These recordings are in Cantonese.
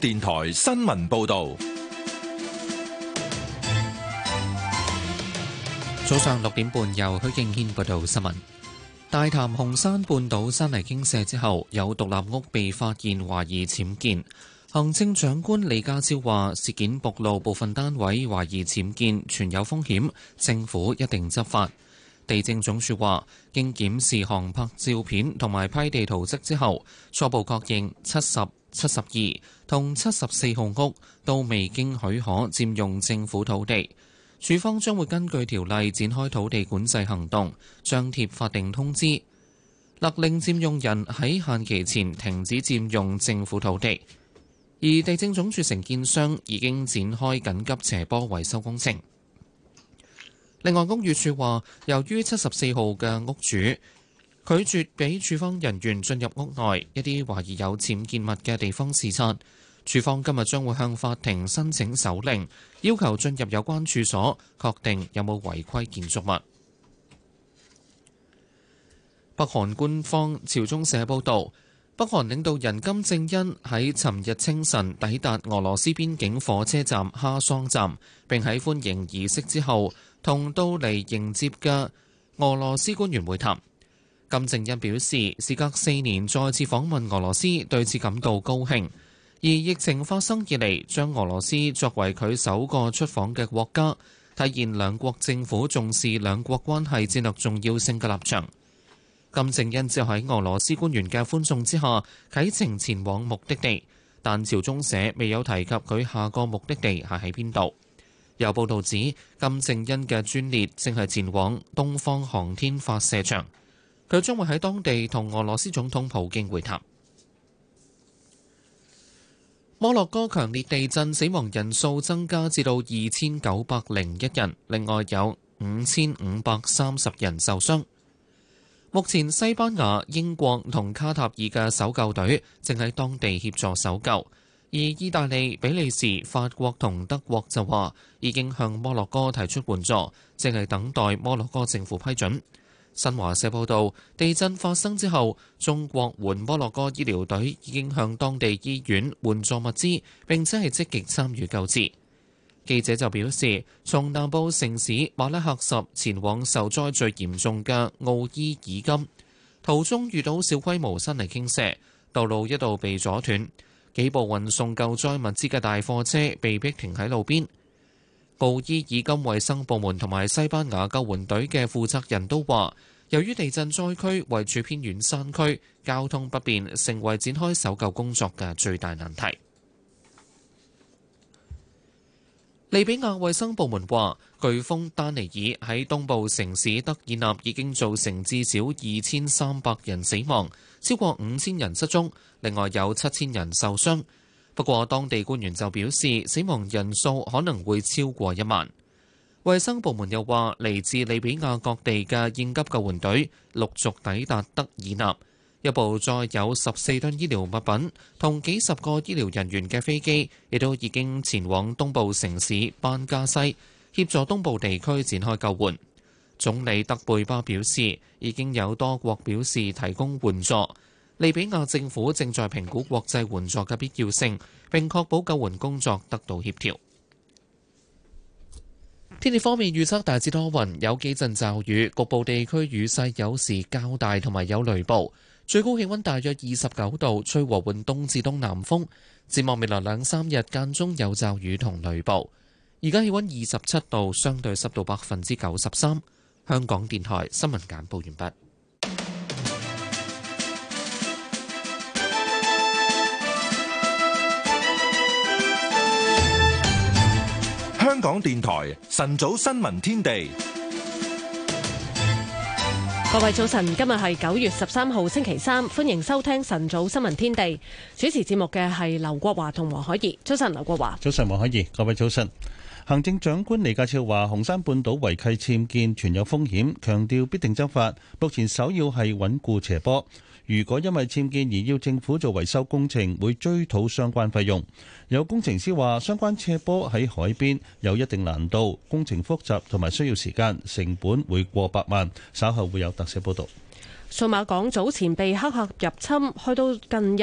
電台新聞報道：早上六點半，由許敬軒報道新聞。大潭紅山半島山泥傾瀉之後，有獨立屋被發現懷疑僭建。行政長官李家超話：事件暴露部分單位懷疑僭建，存有風險，政府一定執法。地政總署話：經檢視航拍照片同埋批地圖則之後，初步確認七十。七十二同七十四號屋都未經許可佔用政府土地，署方將會根據條例展開土地管制行動，張貼法定通知，勒令佔用人喺限期前停止佔用政府土地。而地政總署承建商已經展開緊急斜坡維修工程。另外，屋宇署話，由於七十四號嘅屋主，拒絕俾處方人員進入屋內一啲懷疑有僭建物嘅地方視察。處方今日將會向法庭申請手令，要求進入有關處所，確定有冇違規建築物。北韓官方朝中社報道，北韓領導人金正恩喺尋日清晨抵達俄羅斯邊境火車站哈桑站，並喺歡迎儀式之後同到嚟迎接嘅俄羅斯官員會談。金正恩表示，事隔四年再次訪問俄羅斯，對此感到高興，而疫情發生以嚟，將俄羅斯作為佢首個出訪嘅國家，體現兩國政府重視兩國關係戰略重要性嘅立場。金正恩就喺俄羅斯官員嘅歡送之下啟程前往目的地，但朝中社未有提及佢下個目的地係喺邊度。有報道指，金正恩嘅專列正係前往東方航天發射場。佢將會喺當地同俄羅斯總統普京會談。摩洛哥強烈地震死亡人數增加至到二千九百零一人，另外有五千五百三十人受傷。目前西班牙、英國同卡塔爾嘅搜救隊正喺當地協助搜救，而意大利、比利時、法國同德國就話已經向摩洛哥提出援助，正係等待摩洛哥政府批准。新華社報道，地震發生之後，中國援摩洛哥醫療隊已經向當地醫院援助物資，並且係積極參與救治。記者就表示，從南部城市馬拉喀什前往受災最嚴重嘅奧伊爾金，途中遇到小規模山泥傾瀉，道路一度被阻斷，幾部運送救災物資嘅大貨車被逼停喺路邊。布伊爾金衛生部門同埋西班牙救援隊嘅負責人都話，由於地震災區位處偏遠山區，交通不便，成為展開搜救工作嘅最大難題。利比亞衛生部門話，颶風丹尼爾喺東部城市德爾納已經造成至少二千三百人死亡，超過五千人失蹤，另外有七千人受傷。不過，當地官員就表示，死亡人數可能會超過一萬。衛生部門又話，嚟自利比亞各地嘅應急救援隊陸續抵達德爾納。一部載有十四噸醫療物品同幾十個醫療人員嘅飛機，亦都已經前往東部城市班加西，協助東部地區展開救援。總理德貝巴表示，已經有多國表示提供援助。利比亞政府正在評估國際援助嘅必要性，並確保救援工作得到協調。天氣方面，預測大致多雲，有幾陣驟雨，局部地區雨勢有時較大，同埋有雷暴。最高氣溫大約二十九度，吹和緩東至東南風。展望未來兩三日間中有驟雨同雷暴。而家氣溫二十七度，相對濕度百分之九十三。香港電台新聞簡報完畢。港電台晨早新聞天地，各位早晨，今日係九月十三號星期三，歡迎收聽晨早新聞天地。主持節目嘅係劉國華同黃海怡。早晨，劉國華。早晨，黃海怡。各位早晨。行政長官李家超話，紅山半島違契僭建存有風險，強調必定執法。目前首要係穩固斜坡。如果因為僭建而要政府做維修工程，會追討相關費用。有工程師話：相關斜坡喺海邊有一定難度，工程複雜同埋需要時間，成本會過百萬。稍後會有特色報導。數碼港早前被黑客入侵，去到近日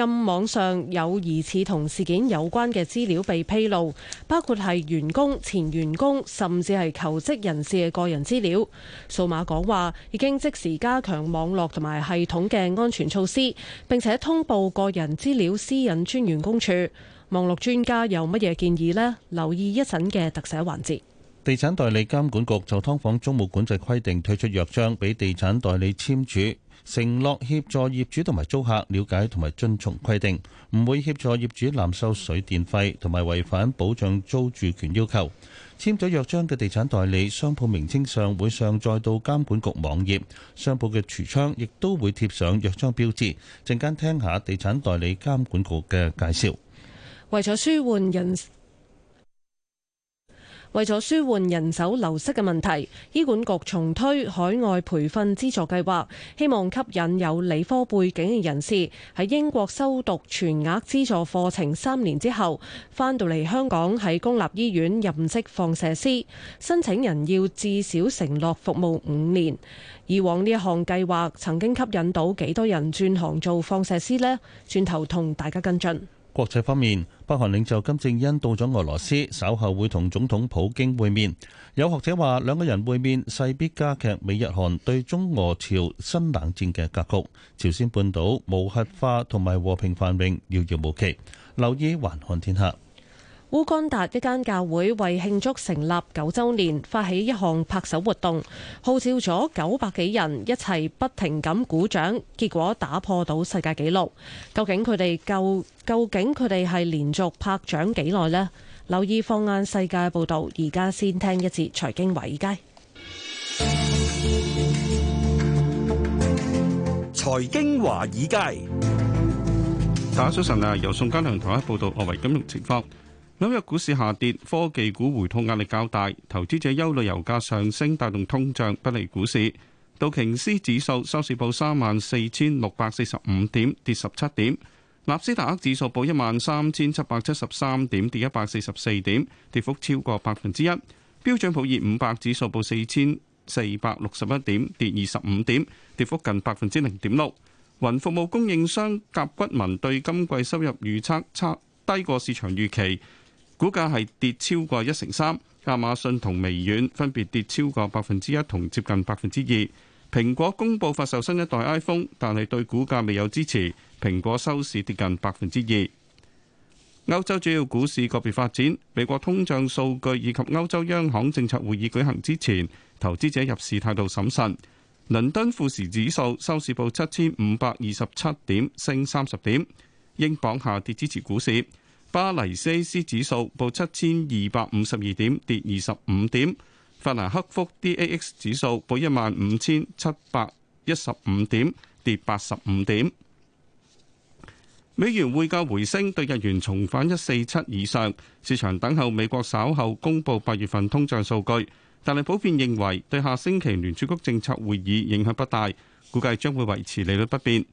暗網上有疑似同事件有關嘅資料被披露，包括係員工、前員工甚至係求職人士嘅個人資料。數碼港話已經即時加強網絡同埋系統嘅安全措施，並且通報個人資料私隱專員公署。網絡專家有乜嘢建議呢？留意一陣嘅特寫環節。地產代理監管局就《劏房租務管制規定》推出約章，俾地產代理簽署，承諾協助業主同埋租客了解同埋遵從規定，唔會協助業主濫收水電費同埋違反保障租住權要求。簽咗約章嘅地產代理，商鋪名稱上會上載到監管局網頁，商鋪嘅櫥窗亦都會貼上約章標誌。陣間聽下地產代理監管局嘅介紹。為咗舒緩人。為咗舒緩人手流失嘅問題，醫管局重推海外培訓資助計劃，希望吸引有理科背景嘅人士喺英國修讀全額資助課程，三年之後翻到嚟香港喺公立醫院任職放射師。申請人要至少承諾服務五年。以往呢一項計劃曾經吸引到幾多人轉行做放射師呢？轉頭同大家跟進。國際方面，北韓領袖金正恩到咗俄羅斯，稍後會同總統普京會面。有學者話，兩個人會面勢必加劇美日韓對中俄朝新冷戰嘅格局。朝鮮半島無核化同埋和平繁榮遙遙無期。留意《環看天下》。烏干達一間教會為慶祝成立九周年，發起一項拍手活動，號召咗九百幾人一齊不停咁鼓掌，結果打破到世界紀錄。究竟佢哋夠究竟佢哋係連續拍掌幾耐呢？留意放眼世界報道，而家先聽一節財經華爾街。財經華爾街，大家早晨啊！由宋嘉良同大家報道外匯金融情況。今日股市下跌，科技股回吐壓力較大，投資者憂慮油價上升帶動通脹，不利股市。道瓊斯指數收市報三萬四千六百四十五點，跌十七點；納斯達克指數報一萬三千七百七十三點，跌一百四十四點，跌幅超過百分之一。標準普爾五百指數報四千四百六十一點，跌二十五點，跌幅近百分之零點六。雲服務供應商甲骨文對今季收入預測差低過市場預期。股價係跌超過一成三，亞馬遜同微軟分別跌超過百分之一同接近百分之二。蘋果公布發售新一代 iPhone，但係對股價未有支持，蘋果收市跌近百分之二。歐洲主要股市個別發展，美國通脹數據以及歐洲央行政策會議舉行之前，投資者入市態度審慎。倫敦富時指數收市報七千五百二十七點，升三十點，英鎊下跌支持股市。巴黎 CAC 指數報七千二百五十二點，跌二十五點；法蘭克福 DAX 指數報一萬五千七百一十五點，跌八十五點。美元匯價回升，對日元重返一四七以上。市場等候美國稍後公布八月份通脹數據，但係普遍認為對下星期聯儲局政策會議影響不大，估計將會維持利率不變。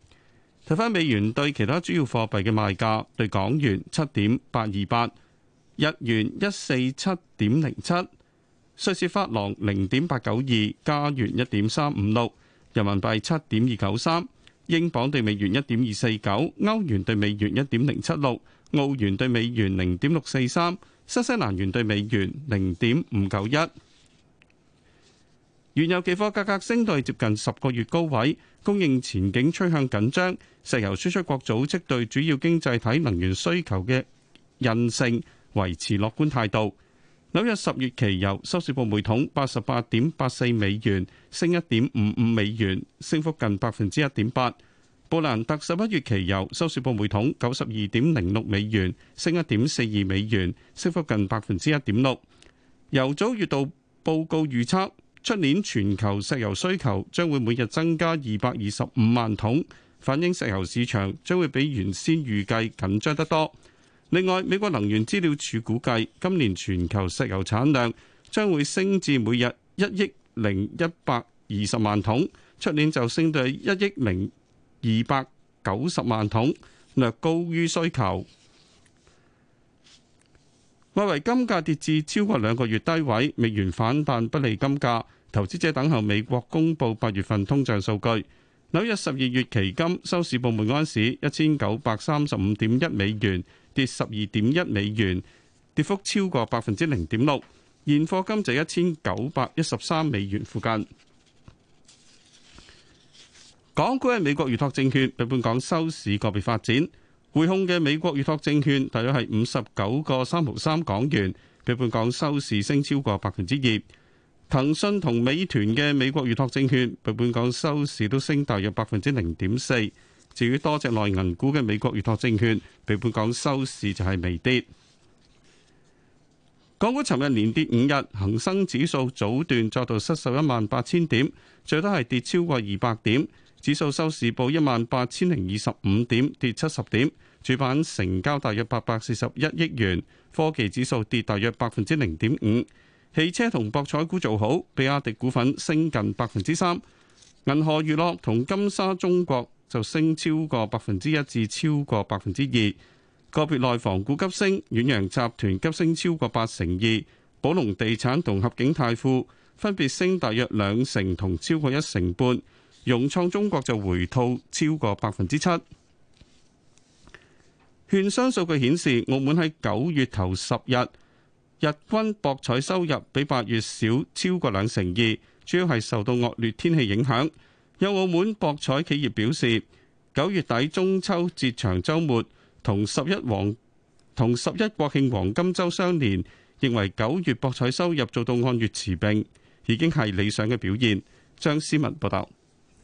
睇翻美元對其他主要貨幣嘅賣價，對港元七點八二八，日元一四七點零七，瑞士法郎零點八九二，加元一點三五六，人民幣七點二九三，英鎊對美元一點二四九，歐元對美元一點零七六，澳元對美元零點六四三，新西蘭元對美元零點五九一。原油期貨價格升到接近十個月高位，供應前景趨向緊張。石油輸出國組織對主要經濟體能源需求嘅韌性維持樂觀態度。紐約十月期油收市報每桶八十八點八四美元，升一點五五美元，升幅近百分之一點八。布蘭特十一月期油收市報每桶九十二點零六美元，升一點四二美元，升幅近百分之一點六。油組月度報告預測。出年全球石油需求將會每日增加二百二十五萬桶，反映石油市場將會比原先預計緊張得多。另外，美國能源資料處估計今年全球石油產量將會升至每日一億零一百二十萬桶，出年就升到一億零二百九十萬桶，略高於需求。外圍金價跌至超過兩個月低位，美元反彈不利金價。投資者等候美國公布八月份通脹數據。紐約十二月期金收市報每安士一千九百三十五點一美元，跌十二點一美元，跌幅超過百分之零點六。現貨金就一千九百一十三美元附近。港股喺美國預託證券，比本港收市個別發展。匯控嘅美國預託證券大約係五十九個三毫三港元，比本港收市升超過百分之二。騰訊同美團嘅美國預託證券比本港收市都升大約百分之零點四。至於多隻內銀股嘅美國預託證券，比本港收市就係微跌。港股尋日連跌五日，恒生指數早段再度失守一萬八千點，最多係跌超過二百點。指數收市報一萬八千零二十五點，跌七十點。主板成交大約八百四十一億元。科技指數跌大約百分之零點五。汽車同博彩股做好，比亞迪股份升近百分之三。銀河娛樂同金沙中國就升超過百分之一至超過百分之二。個別內房股急升，遠洋集團急升超過八成二，寶龍地產同合景泰富分別升大約兩成同超過一成半。融創中國就回吐超過百分之七。券商數據顯示，澳門喺九月頭十日日均博彩收入比八月少超過兩成二，主要係受到惡劣天氣影響。有澳門博彩企業表示，九月底中秋節長周末同十一黃同十一國慶黃金周相連，認為九月博彩收入做到按月持平已經係理想嘅表現。張思文報道。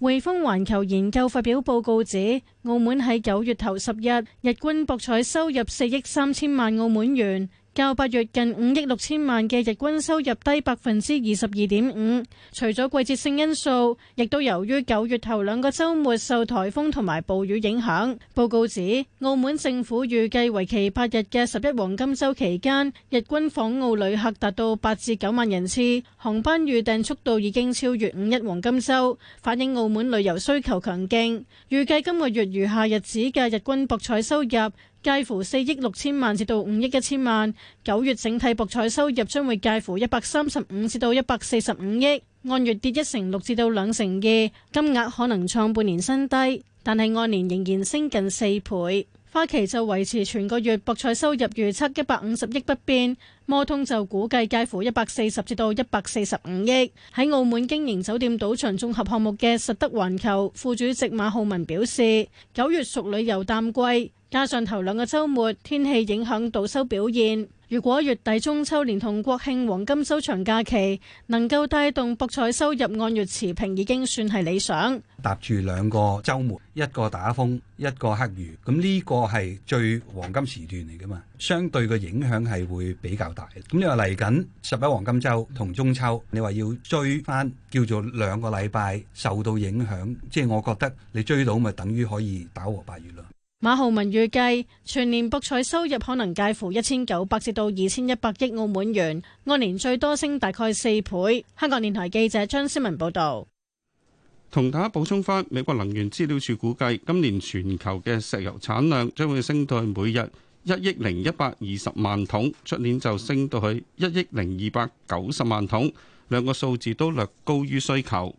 匯豐環球研究發表報告指，澳門喺九月頭十日日均博彩收入四億三千萬澳門元。較八月近五億六千萬嘅日均收入低百分之二十二點五，除咗季節性因素，亦都由於九月頭兩個周末受台風同埋暴雨影響。報告指，澳門政府預計為期八日嘅十一黃金周期間，日均訪澳旅客達到八至九萬人次，航班預訂速度已經超越五一黃金周，反映澳門旅遊需求強勁。預計今個月餘下日子嘅日均博彩收入。介乎四億六千萬至到五億一千萬，九月整體博彩收入將會介乎一百三十五至到一百四十五億，按月跌一成六至到兩成二，金額可能創半年新低，但係按年仍然升近四倍。花旗就維持全個月博彩收入預測一百五十億不變，摩通就估計介乎一百四十至到一百四十五億。喺澳門經營酒店、賭場綜合項目嘅實德環球副主席馬浩文表示，九月屬旅遊淡季。加上頭兩個週末天氣影響倒收表現，如果月底中秋連同國慶黃金週長假期能夠帶動博彩收入按月持平，已經算係理想。搭住兩個週末，一個打風，一個黑雨，咁、這、呢個係最黃金時段嚟噶嘛？相對嘅影響係會比較大。咁你話嚟緊十一黃金週同中秋，你話要追翻叫做兩個禮拜受到影響，即係我覺得你追到咪等於可以打和八月咯。馬浩文預計全年博彩收入可能介乎一千九百至到二千一百億澳門元，按年最多升大概四倍。香港電台記者張思文報道。同大家補充返，美國能源資料處估計今年全球嘅石油產量將會升到每日一億零一百二十萬桶，出年就升到去一億零二百九十萬桶，兩個數字都略高於需求。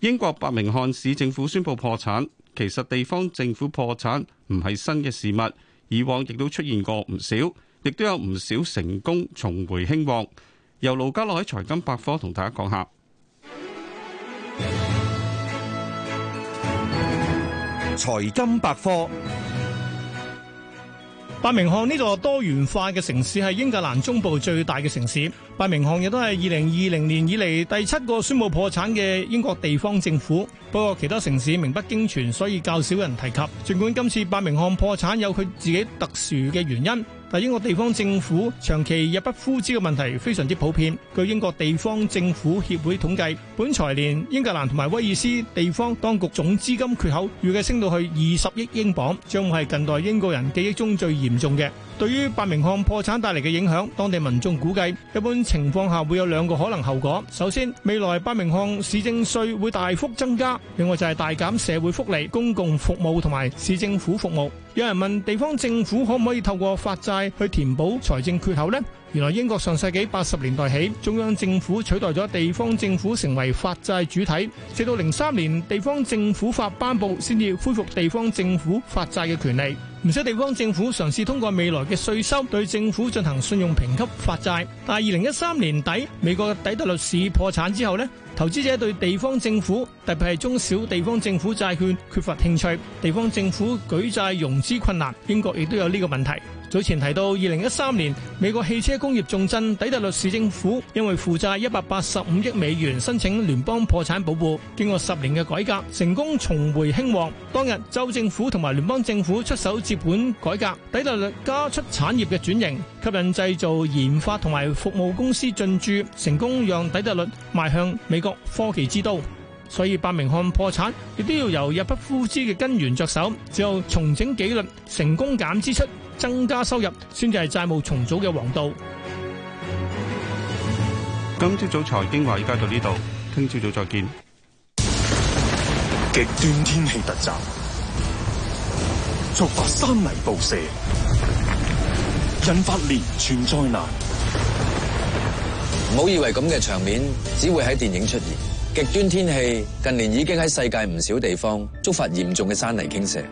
英國伯明翰市政府宣布破產。其實地方政府破產唔係新嘅事物，以往亦都出現過唔少，亦都有唔少成功重回興旺。由盧家樂喺財金百科同大家講下。財金百科。伯明翰呢座多元化嘅城市係英格蘭中部最大嘅城市，伯明翰亦都係二零二零年以嚟第七個宣布破產嘅英國地方政府。不過其他城市名不經傳，所以較少人提及。盡管今次伯明翰破產有佢自己特殊嘅原因。但英國地方政府長期入不敷支嘅問題非常之普遍。據英國地方政府協會統計，本財年英格蘭同埋威爾斯地方當局總資金缺口預計升到去二十億英鎊，將會係近代英國人記憶中最嚴重嘅。對於伯明翰破產帶嚟嘅影響，當地民眾估計，一般情況下會有兩個可能後果。首先，未來伯明翰市政稅會大幅增加；另外就係大減社會福利、公共服務同埋市政府服務。有人問地方政府可唔可以透過發債去填補財政缺口呢？原來英國上世紀八十年代起，中央政府取代咗地方政府成為發債主體，直到零三年地方政府法頒布，先至恢復地方政府發債嘅權利。唔少地方政府嘗試通過未來嘅稅收對政府進行信用評級發債，但係二零一三年底美國嘅底特律市破產之後咧，投資者對地方政府，特別係中小地方政府債券缺乏興趣，地方政府舉債融資困難。英國亦都有呢個問題。早前提到，二零一三年美國汽車工業重鎮底特律市政府因為負債一百八十五億美元，申請聯邦破產保護。經過十年嘅改革，成功重回興旺。當日州政府同埋聯邦政府出手接管改革，底特律加出產業嘅轉型，吸引製造、研發同埋服務公司進駐，成功讓底特律邁向美國科技之都，所以伯明翰破產，亦都要由入不敷支嘅根源着手。只有重整紀律，成功減支出，增加收入，先至係債務重組嘅王道。今朝早財經話依家到呢度，聽朝早再見。極端天氣突襲，觸發山泥暴瀉，引發連串災難。唔好以為咁嘅場面只會喺電影出現，極端天氣近年已經喺世界唔少地方觸發嚴重嘅山泥傾瀉，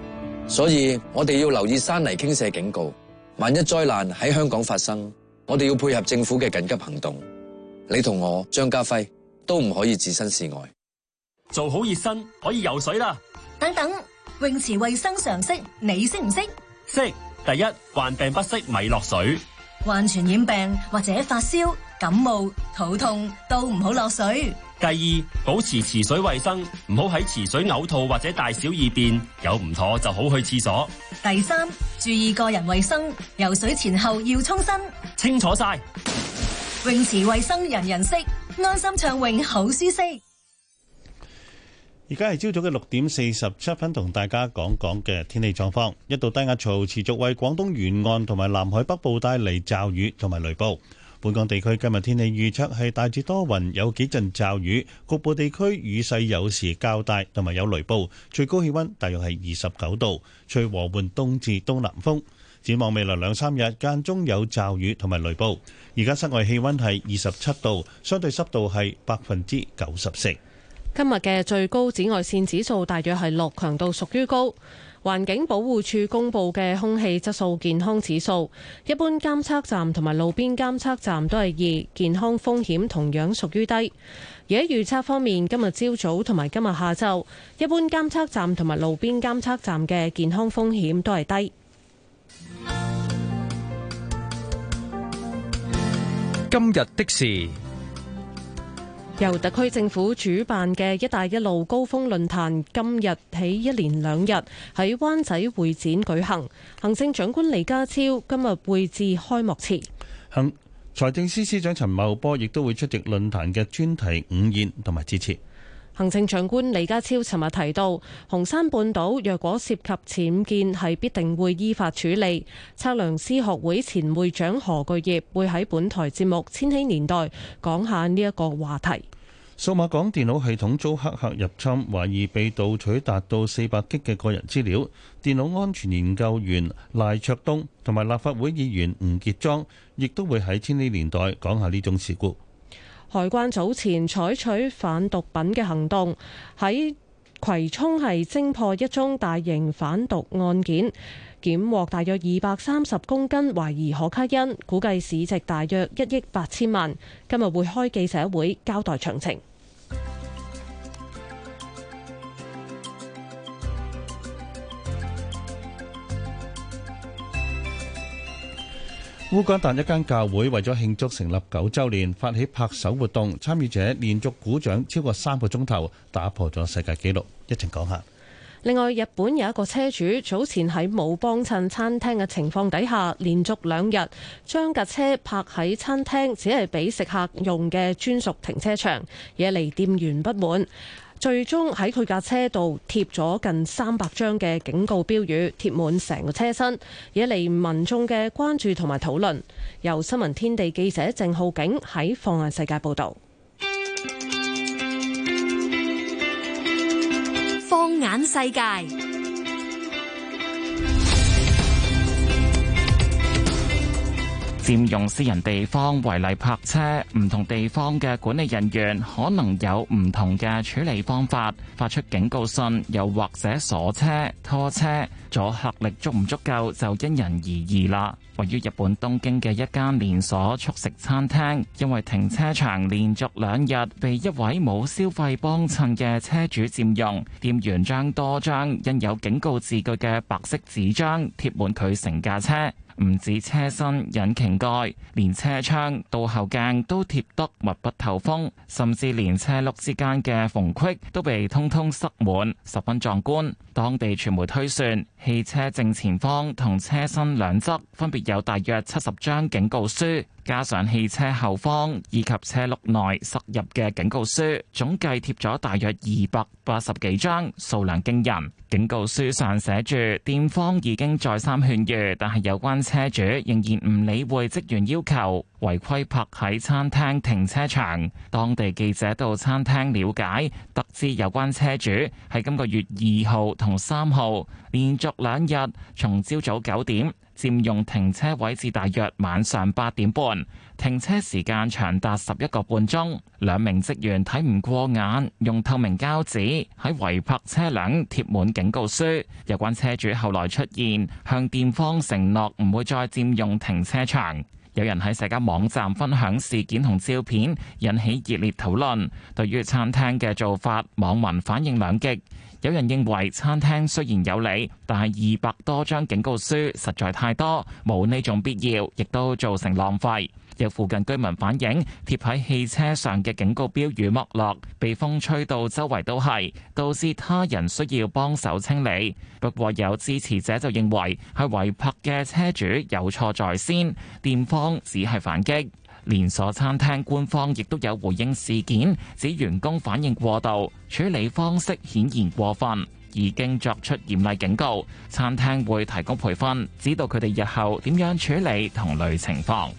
所以我哋要留意山泥傾瀉警告。萬一災難喺香港發生，我哋要配合政府嘅緊急行動。你同我張家輝都唔可以置身事外，做好熱身可以游水啦。等等，泳池衛生常識你識唔識？識。第一，患病不適咪落水，患傳染病或者發燒。感冒、肚痛都唔好落水。第二，保持池水衛生，唔好喺池水嘔吐或者大小二便，有唔妥就好去廁所。第三，注意個人衛生，游水前後要沖身。清楚晒泳池衛生人人識，安心暢泳好舒適。而家係朝早嘅六點四十七分，同大家講講嘅天氣狀況。一道低壓槽持續為廣東沿岸同埋南海北部帶嚟驟雨同埋雷暴。本港地區今日天氣預測係大致多雲，有幾陣驟雨，局部地區雨勢有時較大，同埋有雷暴。最高氣溫大約係二十九度，吹和緩東至東南風。展望未來兩三日間中有驟雨同埋雷暴。而家室外氣溫係二十七度，相對濕度係百分之九十四。今日嘅最高紫外線指數大約係六，強度屬於高。環境保護署公布嘅空氣質素健康指數，一般監測站同埋路邊監測站都係二，健康風險同樣屬於低。而喺預測方面，今日朝早同埋今日下晝，一般監測站同埋路邊監測站嘅健康風險都係低。今日的事。由特區政府主辦嘅“一帶一路”高峰論壇今日起一連兩日喺灣仔會展舉行。行政長官李家超今日會致開幕詞，行財政司司長陳茂波亦都會出席論壇嘅專題午宴同埋致辭。行政長官李家超尋日提到，紅山半島若果涉及僭建，係必定會依法處理。測量師學會前會長何巨業會喺本台節目《千禧年代》講下呢一個話題。數碼港電腦系統遭黑客入侵，懷疑被盜取達到四百 G 嘅個人資料。電腦安全研究員賴卓東同埋立法會議員吳傑莊，亦都會喺《千禧年代》講下呢種事故。海關早前採取反毒品嘅行動，喺葵涌係偵破一宗大型販毒案件，檢獲大約二百三十公斤懷疑可卡因，估計市值大約一億八千萬。今日會開記者會交代詳情。烏干達一間教會為咗慶祝成立九周年，發起拍手活動，參與者連續鼓掌超過三個鐘頭，打破咗世界紀錄。一齊講一下。另外，日本有一個車主早前喺冇幫襯餐廳嘅情況底下，連續兩日將架車泊喺餐廳只係俾食客用嘅專屬停車場，惹嚟店員不滿。最終喺佢架車度貼咗近三百張嘅警告標語，貼滿成個車身，惹嚟民眾嘅關注同埋討論。由新聞天地記者鄭浩景喺放眼世界報道。放眼世界。佔用私人地方違例泊車，唔同地方嘅管理人員可能有唔同嘅處理方法，發出警告信，又或者鎖車、拖車。咗嚇力足唔足夠就因人而異啦。位於日本東京嘅一間連鎖速食餐廳，因為停車場連續兩日被一位冇消費幫襯嘅車主占用，店員將多張印有警告字句嘅白色紙張貼滿佢成架車，唔止車身、引擎蓋連車窗、倒後鏡都貼得密不透風，甚至連車轆之間嘅縫隙都被通通塞滿，十分壯觀，當地傳媒推算。汽車正前方同車身兩側分別有大約七十張警告書。加上汽車後方以及車轆內塞入嘅警告書，總計貼咗大約二百八十幾張，數量驚人。警告書上寫住店方已經再三勸喻，但係有關車主仍然唔理會職員要求，違規泊喺餐廳停車場。當地記者到餐廳了解，得知有關車主喺今個月二號同三號連續兩日，從朝早九點，佔用停車位至大約晚上八點半，停車時間長達十一個半鐘。兩名職員睇唔過眼，用透明膠紙喺違泊車輛貼滿警告書。有關車主後來出現，向店方承諾唔會再佔用停車場。有人喺社交網站分享事件同照片，引起熱烈討論。對於餐廳嘅做法，網民反應兩極。有人認為餐廳雖然有理，但係二百多張警告書實在太多，冇呢種必要，亦都造成浪費。有附近居民反映，貼喺汽車上嘅警告標語剝落，被風吹到周圍都係，導致他人需要幫手清理。不過有支持者就認為係違泊嘅車主有錯在先，店方只係反擊。連鎖餐廳官方亦都有回應事件，指員工反應過度，處理方式顯然過分，已經作出嚴厲警告。餐廳會提供培訓，指導佢哋日後點樣處理同類情況。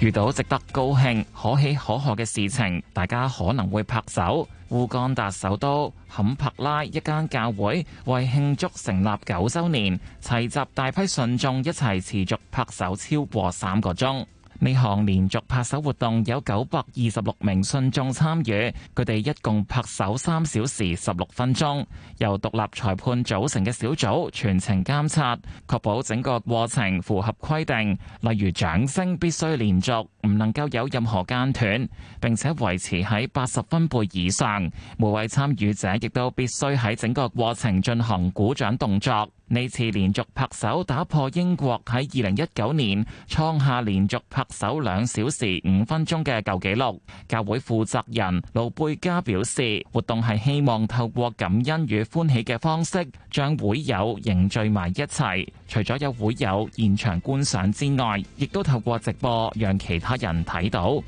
遇到值得高興、可喜可賀嘅事情，大家可能會拍手。烏干達首都坎帕拉一間教會為慶祝成立九周年，齊集大批信眾一齊持續拍手超過三個鐘。呢項連續拍手活動有九百二十六名信眾參與，佢哋一共拍手三小時十六分鐘。由獨立裁判組成嘅小組全程監察，確保整個過程符合規定，例如掌聲必須連續，唔能夠有任何間斷，並且維持喺八十分貝以上。每位參與者亦都必須喺整個過程進行鼓掌動作。呢次連續拍手打破英國喺二零一九年創下連續拍守兩小時五分鐘嘅舊紀錄。教會負責人盧貝嘉表示，活動係希望透過感恩與歡喜嘅方式，將會友凝聚埋一齊。除咗有會友現場觀賞之外，亦都透過直播讓其他人睇到。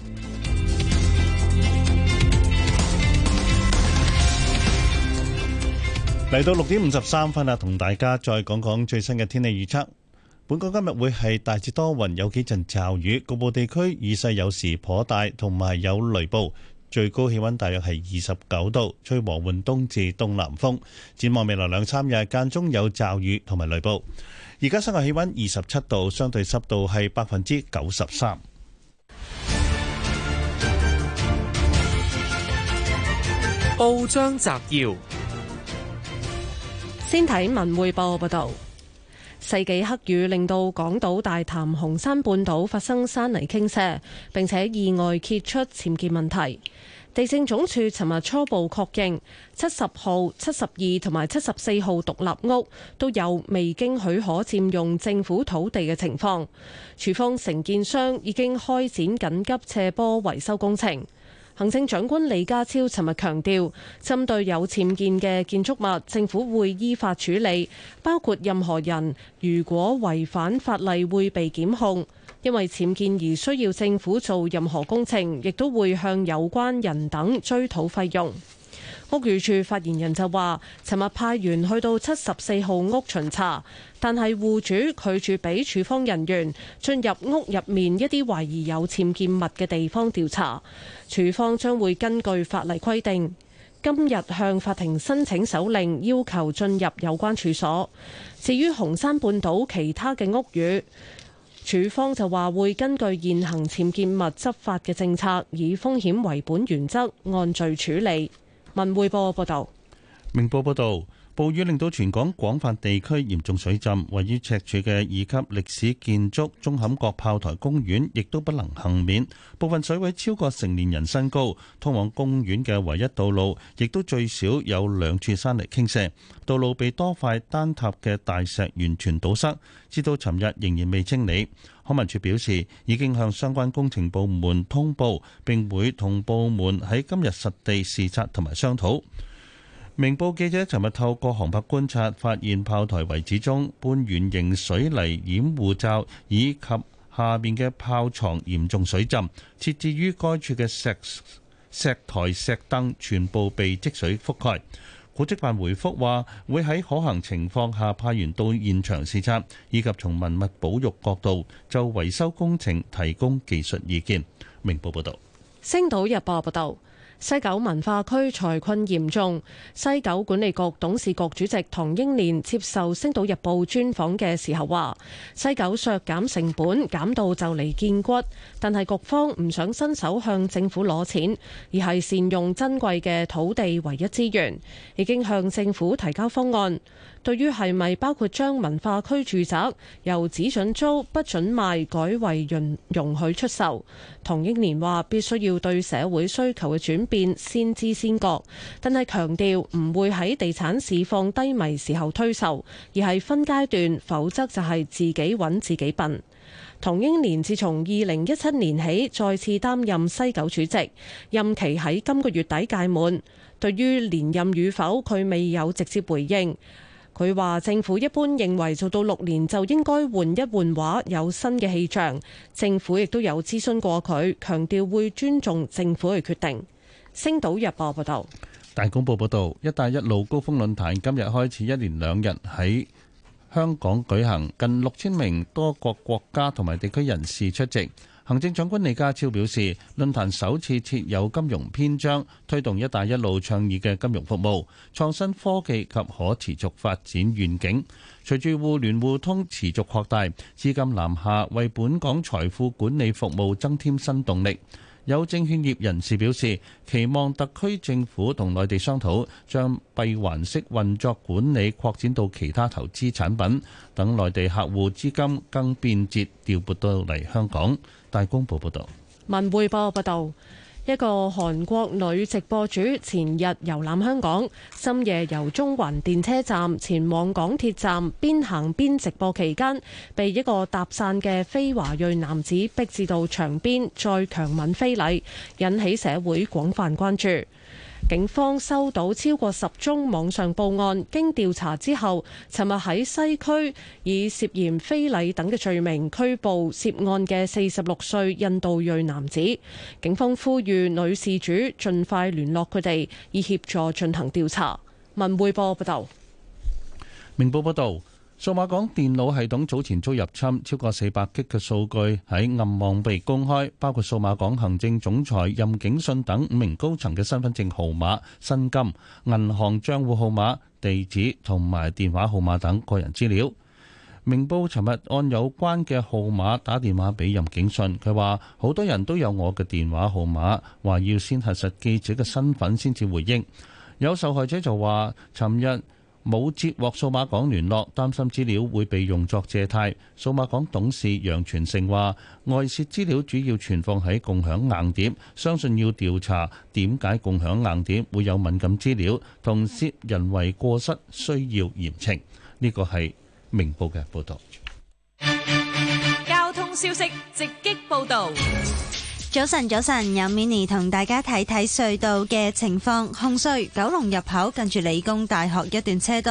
嚟到六點五十三分啦，同大家再講講最新嘅天氣預測。本港今日會係大致多雲，有幾陣驟雨，局部地區雨勢有時頗大，同埋有雷暴。最高氣溫大約係二十九度，吹和緩東至東南風。展望未來兩三日間中有驟雨同埋雷暴。而家室外氣溫二十七度，相對濕度係百分之九十三。報章摘要，先睇文匯報報道。世紀黑雨令到港島大潭紅山半島發生山泥傾瀉，並且意外揭出僭建問題。地政總署尋日初步確認，七十號、七十二同埋七十四號獨立屋都有未經許可佔用政府土地嘅情況。廚房承建商已經開展緊急斜坡維修工程。行政長官李家超尋日強調，針對有僭建嘅建築物，政府會依法處理，包括任何人如果違反法例會被檢控。因為僭建而需要政府做任何工程，亦都會向有關人等追討費用。屋宇署發言人就話，尋日派員去到七十四號屋巡查，但係戶主拒絕俾署方人員進入屋入面一啲懷疑有僭建物嘅地方調查。署方將會根據法例規定，今日向法庭申請手令，要求進入有關處所。至於紅山半島其他嘅屋宇，署方就話會根據現行僭建物執法嘅政策，以風險為本原則，按序處理。文匯報報道，明報報道，暴雨令到全港廣泛地區嚴重水浸，位於赤柱嘅二級歷史建築舂坎角炮台公園亦都不能幸免。部分水位超過成年人身高，通往公園嘅唯一道路亦都最少有兩處山泥傾瀉，道路被多塊單塔嘅大石完全堵塞，至到尋日仍然未清理。康文署表示已經向相關工程部門通報，並會同部門喺今日實地視察同埋商討。明報記者尋日透過航拍觀察，發現炮台位置中半圓形水泥掩護罩以及下面嘅炮床嚴重水浸，設置於該處嘅石石台石燈全部被積水覆蓋。古蹟辦回覆話，會喺可行情況下派員到現場視察，以及從文物保育角度就維修工程提供技術意見。明報報道。星島日報報道。西九文化區財困嚴重，西九管理局董事局主席唐英年接受《星島日報》專訪嘅時候話，西九削減成本，減到就嚟見骨，但係局方唔想伸手向政府攞錢，而係善用珍貴嘅土地唯一資源，已經向政府提交方案。對於係咪包括將文化區住宅由只準租不准賣，改為容容許出售？唐英年話：必須要對社會需求嘅轉變先知先覺，但係強調唔會喺地產市況低迷時候推售，而係分階段，否則就係自己揾自己笨。唐英年自從二零一七年起再次擔任西九主席，任期喺今個月底屆滿。對於連任與否，佢未有直接回應。佢話：政府一般認為做到六年就應該換一換畫，有新嘅氣象。政府亦都有諮詢過佢，強調會尊重政府嘅決定。星島日報報道。大公報報道，一帶一路高峰論壇今日開始一連兩日喺香港舉行，近六千名多國國家同埋地區人士出席。行政長官李家超表示，論壇首次設有金融篇章，推動「一帶一路」倡議嘅金融服務，創新科技及可持續發展願景。隨住互聯互通持續擴大，資金南下為本港財富管理服務增添新動力。有證券業人士表示，期望特區政府同內地商討，將閉環式運作管理擴展到其他投資產品，等內地客戶資金更便捷調撥到嚟香港。大公報報道，文匯報報道，一個韓國女直播主前日遊覽香港，深夜由中環電車站前往港鐵站，邊行邊直播期間，被一個搭訕嘅非華裔男子逼至到牆邊，再強吻非禮，引起社會廣泛關注。警方收到超過十宗網上報案，經調查之後，尋日喺西區以涉嫌非禮等嘅罪名拘捕涉案嘅四十六歲印度裔男子。警方呼籲女事主盡快聯絡佢哋，以協助進行調查。文匯報報道。明報報道。數碼港電腦系統早前遭入侵，超過四百 GB 嘅數據喺暗網被公開，包括數碼港行政總裁任景信等五名高層嘅身份證號碼、薪金、銀行賬戶號碼、地址同埋電話號碼等個人資料。明報尋日按有關嘅號碼打電話俾任景信，佢話好多人都有我嘅電話號碼，話要先核實記者嘅身份先至回應。有受害者就話，尋日。冇接獲數碼港聯絡，擔心資料會被用作借貸。數碼港董事楊全盛話：外泄資料主要存放喺共享硬碟，相信要調查點解共享硬碟會有敏感資料，同涉人為過失，需要嚴懲。呢個係明報嘅報道。交通消息直擊報道。早晨，早晨，有 Minnie 同大家睇睇隧道嘅情況。紅隧九龍入口近住理工大學一段車多，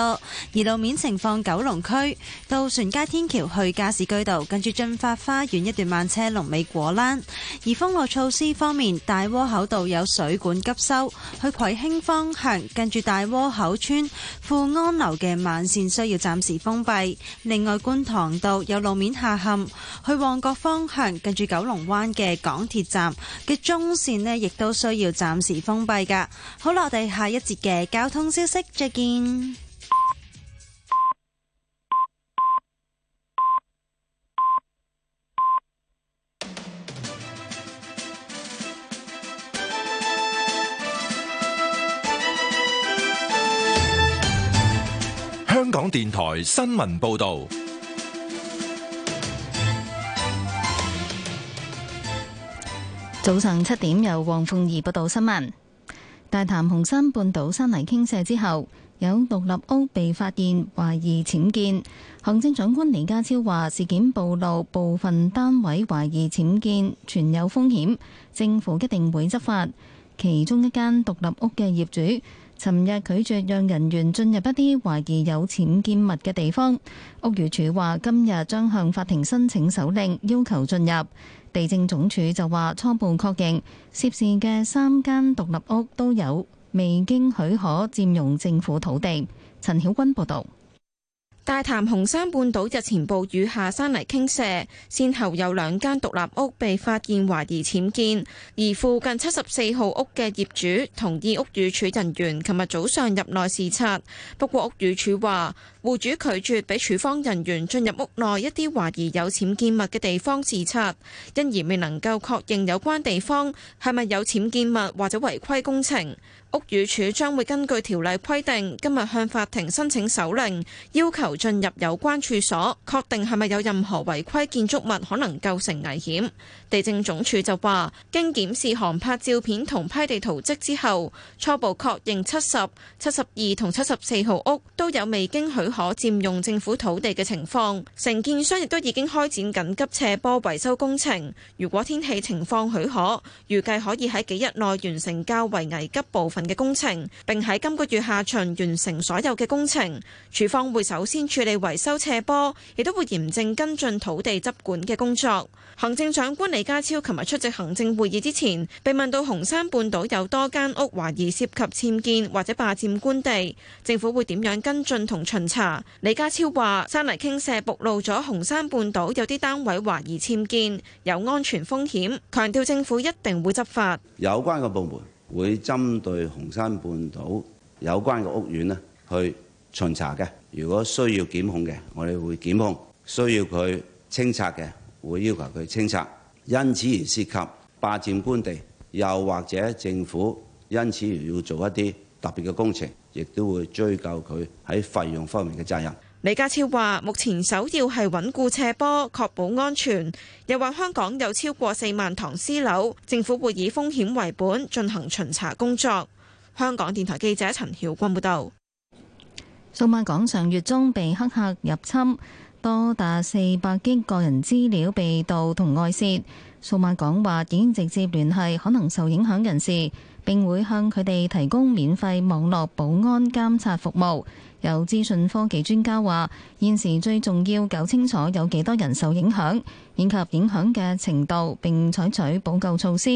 而路面情況九龍區到船街天橋去加士居道近住駿發花園一段慢車龍尾果欄。而封路措施方面，大窩口道有水管急修去葵興方向近住大窩口村富安樓嘅慢綫需要暫時封閉。另外，觀塘道有路面下陷，去旺角方向近住九龍灣嘅港鐵。站嘅中線呢，亦都需要暫時封閉噶。好啦，我哋下一節嘅交通消息，再見。香港電台新聞報道。早上七點，由黃鳳儀報道新聞。大潭紅山半島山泥傾瀉之後，有獨立屋被發現懷疑僭建。行政長官李家超話，事件暴露部分單位懷疑僭建，存有風險。政府一定會執法。其中一間獨立屋嘅業主，尋日拒絕讓人員進入一啲懷疑有僭建物嘅地方。屋宇署話，今日將向法庭申請手令，要求進入。地政總署就話初步確認，涉事嘅三間獨立屋都有未經許可佔用政府土地。陳曉君報道，大潭紅山半島日前暴雨下山泥傾瀉，先後有兩間獨立屋被發現懷疑僭建，而附近七十四號屋嘅業主同意屋宇署人員琴日早上入內視察，不過屋宇署話。戶主拒絕俾處方人員進入屋內一啲懷疑有僭建物嘅地方自查，因而未能夠確認有關地方係咪有僭建物或者違規工程。屋宇署將會根據條例規定，今日向法庭申請手令，要求進入有關處所，確定係咪有任何違規建築物可能構成危險。地政總署就話：經檢視航拍照片同批地圖跡之後，初步確認七十、七十二同七十四號屋都有未經許可佔用政府土地嘅情況。承建商亦都已經開展緊急斜坡維修工程。如果天氣情況許可，預計可以喺幾日內完成較為危急部分嘅工程，並喺今個月下旬完成所有嘅工程。處方會首先處理維修斜坡，亦都會嚴正跟進土地執管嘅工作。行政長官李李家超琴日出席行政會議之前，被問到紅山半島有多間屋懷疑涉及僭建或者霸佔官地，政府會點樣跟進同巡查？李家超話：山泥傾瀉暴露咗紅山半島有啲單位懷疑僭建，有安全風險，強調政府一定會執法。有關嘅部門會針對紅山半島有關嘅屋苑咧去巡查嘅。如果需要檢控嘅，我哋會檢控；需要佢清拆嘅，會要求佢清拆。因此而涉及霸佔官地，又或者政府因此而要做一啲特別嘅工程，亦都會追究佢喺費用方面嘅責任。李家超話目前首要係穩固斜坡，確保安全。又話香港有超過四萬幢私樓，政府會以風險為本進行巡查工作。香港電台記者陳曉君報道。數碼港上月中被黑客入侵。多達四百億個人資料被盜同外泄，數碼港話已經直接聯繫可能受影響人士，並會向佢哋提供免費網絡保安監察服務。有資訊科技專家話，現時最重要搞清楚有幾多人受影響，以及影響嘅程度，並採取補救措施，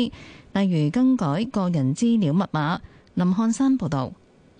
例如更改個人資料密碼。林漢山報導。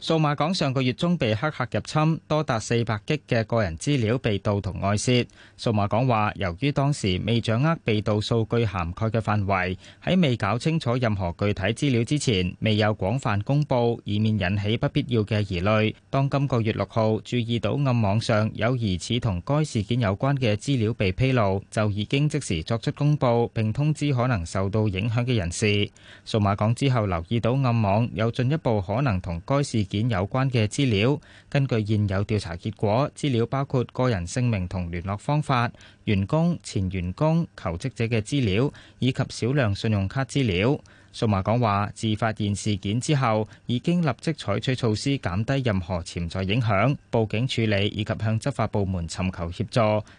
數碼港上個月中被黑客入侵，多達四百 GB 嘅個人資料被盜同外泄。數碼港話，由於當時未掌握被盜數據涵蓋嘅範圍，喺未搞清楚任何具體資料之前，未有廣泛公佈，以免引起不必要嘅疑慮。當今個月六號注意到暗網上有疑似同該事件有關嘅資料被披露，就已經即時作出公佈，並通知可能受到影響嘅人士。數碼港之後留意到暗網有進一步可能同該事件。件有關嘅資料，根據現有調查結果，資料包括個人姓名同聯絡方法、員工、前員工、求職者嘅資料，以及少量信用卡資料。數碼港話自發現事件之後，已經立即採取措施減低任何潛在影響，報警處理以及向執法部門尋求協助。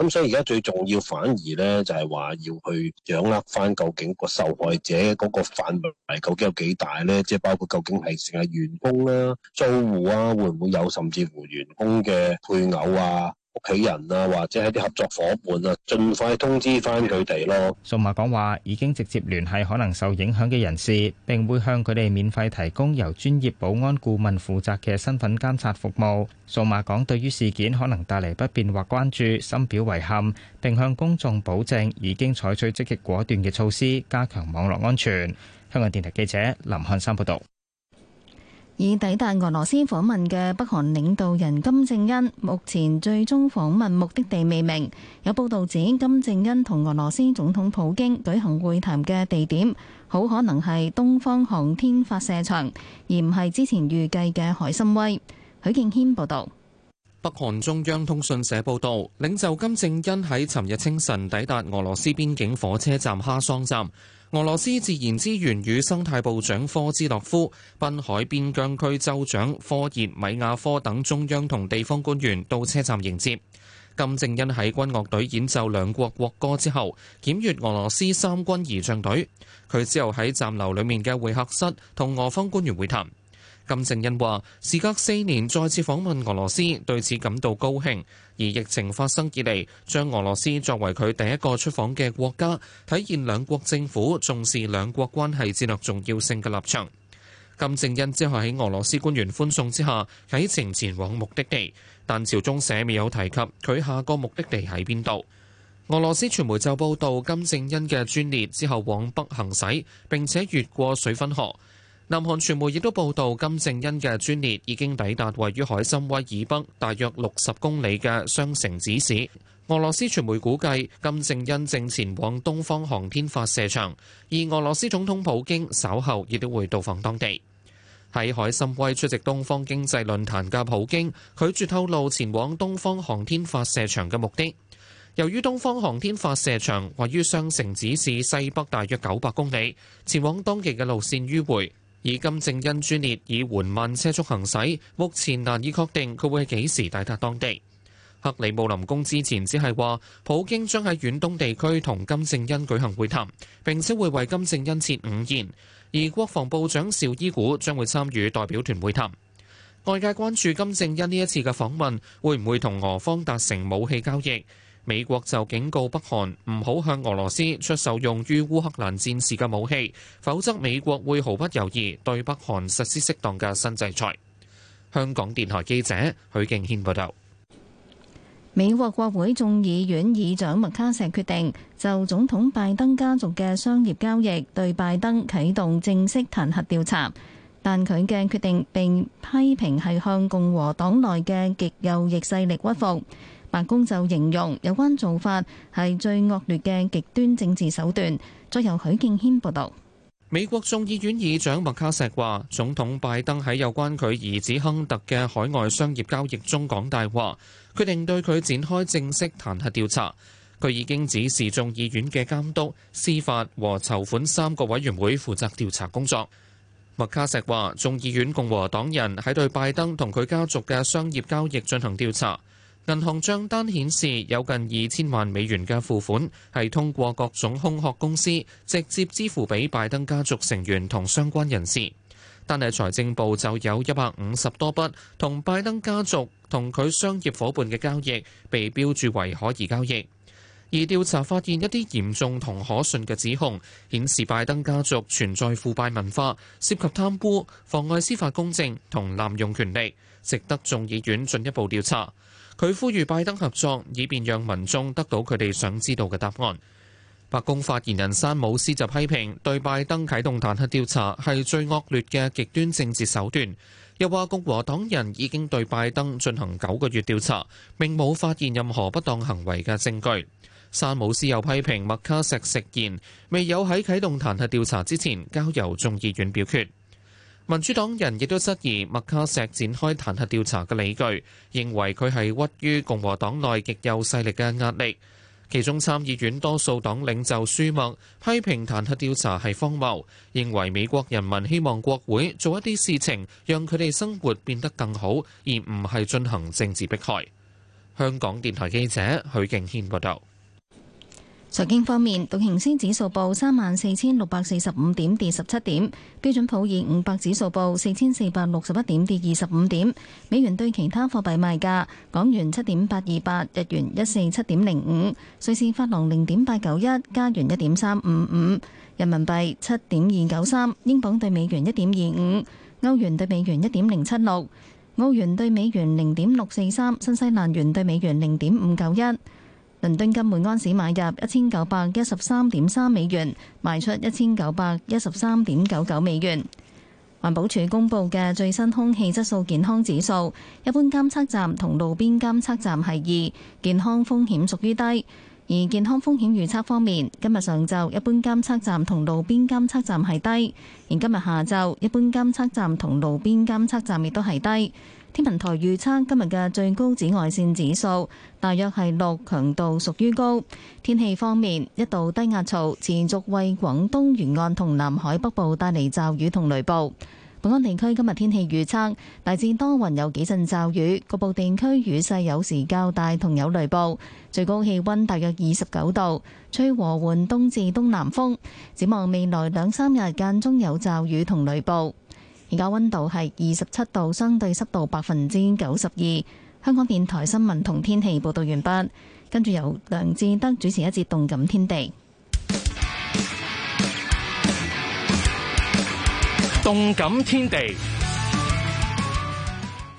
咁所以而家最重要，反而咧就係話要去掌握翻究竟個受害者嗰個範圍究竟有幾大咧？即係包括究竟係成日員工啦、租戶啊，會唔會有甚至乎員工嘅配偶啊，屋企人啊，或者一啲合作夥伴啊，盡快通知翻佢哋咯。數碼港話已經直接聯繫可能受影響嘅人士，並會向佢哋免費提供由專業保安顧問負責嘅身份監察服務。數碼港對於事件可能帶嚟不便或關注，深表遺憾，並向公眾保證已經採取積極果斷嘅措施加強網絡安全。香港電台記者林漢山報道。已抵達俄羅斯訪問嘅北韓領導人金正恩，目前最終訪問目的地未明。有報道指金正恩同俄羅斯總統普京舉行會談嘅地點，好可能係東方航天發射場，而唔係之前預計嘅海參崴。許敬軒報導。北韓中央通訊社報導，領袖金正恩喺尋日清晨抵達俄羅斯邊境火車站哈桑站。俄羅斯自然資源與生態部長科茲洛夫、濱海邊疆區州長科熱米亞科等中央同地方官員到車站迎接。金正恩喺軍樂隊演奏兩國國歌之後，檢閱俄羅斯三軍儀仗隊。佢之後喺站樓裏面嘅會客室同俄方官員會談。金正恩話，時隔四年再次訪問俄羅斯，對此感到高興。而疫情發生以嚟，將俄羅斯作為佢第一個出訪嘅國家，體現兩國政府重視兩國關係戰略重要性嘅立場。金正恩之後喺俄羅斯官員歡送之下，啟程前往目的地。但朝中社未有提及佢下個目的地喺邊度。俄羅斯傳媒就報道金正恩嘅專列之後往北行駛，並且越過水分河。南韓傳媒亦都報道，金正恩嘅專列已經抵達位於海參崴以北大約六十公里嘅雙城子市。俄羅斯傳媒估計，金正恩正前往東方航天發射場，而俄羅斯總統普京稍後亦都會到訪當地。喺海參崴出席東方經濟論壇嘅普京拒絕透露前往東方航天發射場嘅目的。由於東方航天發射場位於雙城子市西北大約九百公里，前往當地嘅路線迂迴。以金正恩專列以緩慢車速行駛，目前難以確定佢會喺幾時抵達當地。克里姆林宮之前只係話，普京將喺遠東地區同金正恩舉行會談，並且會為金正恩設午宴，而國防部長邵伊古將會參與代表團會談。外界關注金正恩呢一次嘅訪問，會唔會同俄方達成武器交易？美國就警告北韓唔好向俄羅斯出售用於烏克蘭戰事嘅武器，否則美國會毫不猶豫對北韓實施適當嘅新制裁。香港電台記者許敬軒報道。美國國會眾議院議長麥卡錫決定就總統拜登家族嘅商業交易對拜登啟動正式彈劾調查，但佢嘅決定並批評係向共和黨內嘅極右翼勢力屈服。白宮就形容有關做法係最惡劣嘅極端政治手段。再由許敬軒報導。美國眾議院議長麥卡錫話：總統拜登喺有關佢兒子亨特嘅海外商業交易中講大話，決定對佢展開正式彈劾調查。佢已經指示眾議院嘅監督、司法和籌款三個委員會負責調查工作。麥卡錫話：眾議院共和黨人喺對拜登同佢家族嘅商業交易進行調查。銀行賬單顯示有近二千萬美元嘅付款係通過各種空殼公司直接支付俾拜登家族成員同相關人士。但係財政部就有一百五十多筆同拜登家族同佢商業伙伴嘅交易被標注為可疑交易。而調查發現一啲嚴重同可信嘅指控，顯示拜登家族存在腐敗文化，涉及貪污、妨礙司法公正同濫用權力，值得眾議院進一步調查。佢呼籲拜登合作，以便讓民眾得到佢哋想知道嘅答案。白宮發言人山姆斯就批評對拜登啟動彈劾調查係最惡劣嘅極端政治手段，又話共和黨人已經對拜登進行九個月調查，並冇發現任何不當行為嘅證據。山姆斯又批評麥卡錫食，食言，未有喺啟動彈劾調查之前交由眾議院表決。民主黨人亦都質疑麥卡錫展開彈劾調查嘅理據，認為佢係屈於共和黨內極右勢力嘅壓力。其中參議院多數黨領袖舒默批評彈劾調查係荒謬，認為美國人民希望國會做一啲事情，讓佢哋生活變得更好，而唔係進行政治迫害。香港電台記者許敬軒報道。財經方面，道瓊斯指數報三萬四千六百四十五點，跌十七點，標準普爾五百指數報四千四百六十一點，跌二十五點。美元對其他貨幣賣價，港元七點八二八，日元一四七點零五，瑞士法郎零點八九一，加元一點三五五，人民幣七點二九三，英鎊對美元一點二五，歐元對美元一點零七六，澳元對美元零點六四三，新西蘭元對美元零點五九一。倫敦金每安士買入一千九百一十三點三美元，賣出一千九百一十三點九九美元。環保署公布嘅最新空氣質素健康指數，一般監測站同路邊監測站係二，健康風險屬於低。而健康風險預測方面，今日上晝一般監測站同路邊監測站係低，而今日下晝一般監測站同路邊監測站亦都係低。.天文台預測今日嘅最高紫外線指數大約係六，強度屬於高。天氣方面，一道低壓槽持續為廣東沿岸同南海北部帶嚟驟雨同雷暴，本安天天。本港地區今日天氣預測大致多雲，有幾陣驟雨，局部地區雨勢有時較大，同有雷暴。最高氣温大約二十九度，吹和緩東至東南風。展望未來兩三日間中有驟雨同雷暴。而家溫度係二十七度，相對濕度百分之九十二。香港電台新聞同天氣報道完畢，跟住由梁志德主持一節《動感天地》。《動感天地》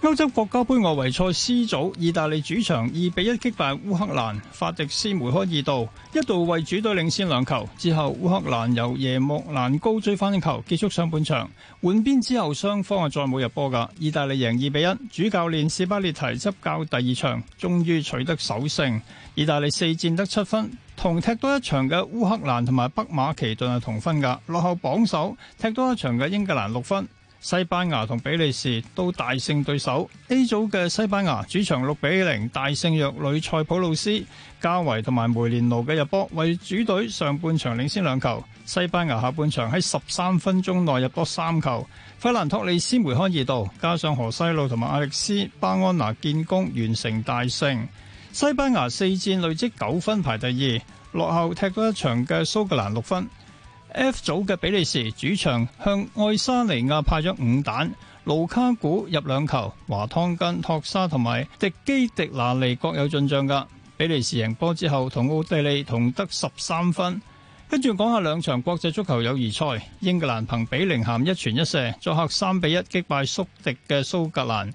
歐洲國家盃外圍賽 C 組，意大利主場二比一擊敗烏克蘭，法迪斯梅開二度，一度為主隊領先兩球，之後烏克蘭由耶木蘭高追翻一球，結束上半場。換邊之後，雙方啊再冇入波噶，意大利贏二比一，主教練斯巴列提執教第二場，終於取得首勝。意大利四戰得七分，同踢多一場嘅烏克蘭同埋北馬其頓係同分噶，落後榜首踢多一場嘅英格蘭六分。西班牙同比利時都大勝對手。A 組嘅西班牙主場六比零大勝弱旅塞普路斯，加維同埋梅連奴嘅入波為主隊上半場領先兩球。西班牙下半場喺十三分鐘內入波三球，費蘭托利斯梅開二度，加上何西路同埋阿力斯巴安拿建功，完成大勝。西班牙四戰累積九分排第二，落後踢多一場嘅蘇格蘭六分。F 組嘅比利時主場向愛沙尼亞派咗五彈，盧卡古入兩球，華湯根、托沙同埋迪基迪拿利各有進賬噶。比利時贏波之後同奧地利同得十三分。跟住講下兩場國際足球友誼賽，英格蘭憑比寧咸一傳一射，作客三比一擊敗宿敵嘅蘇格蘭，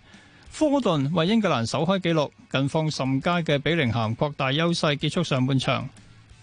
科頓為英格蘭首開紀錄，近況甚佳嘅比寧咸擴大優勢，結束上半場。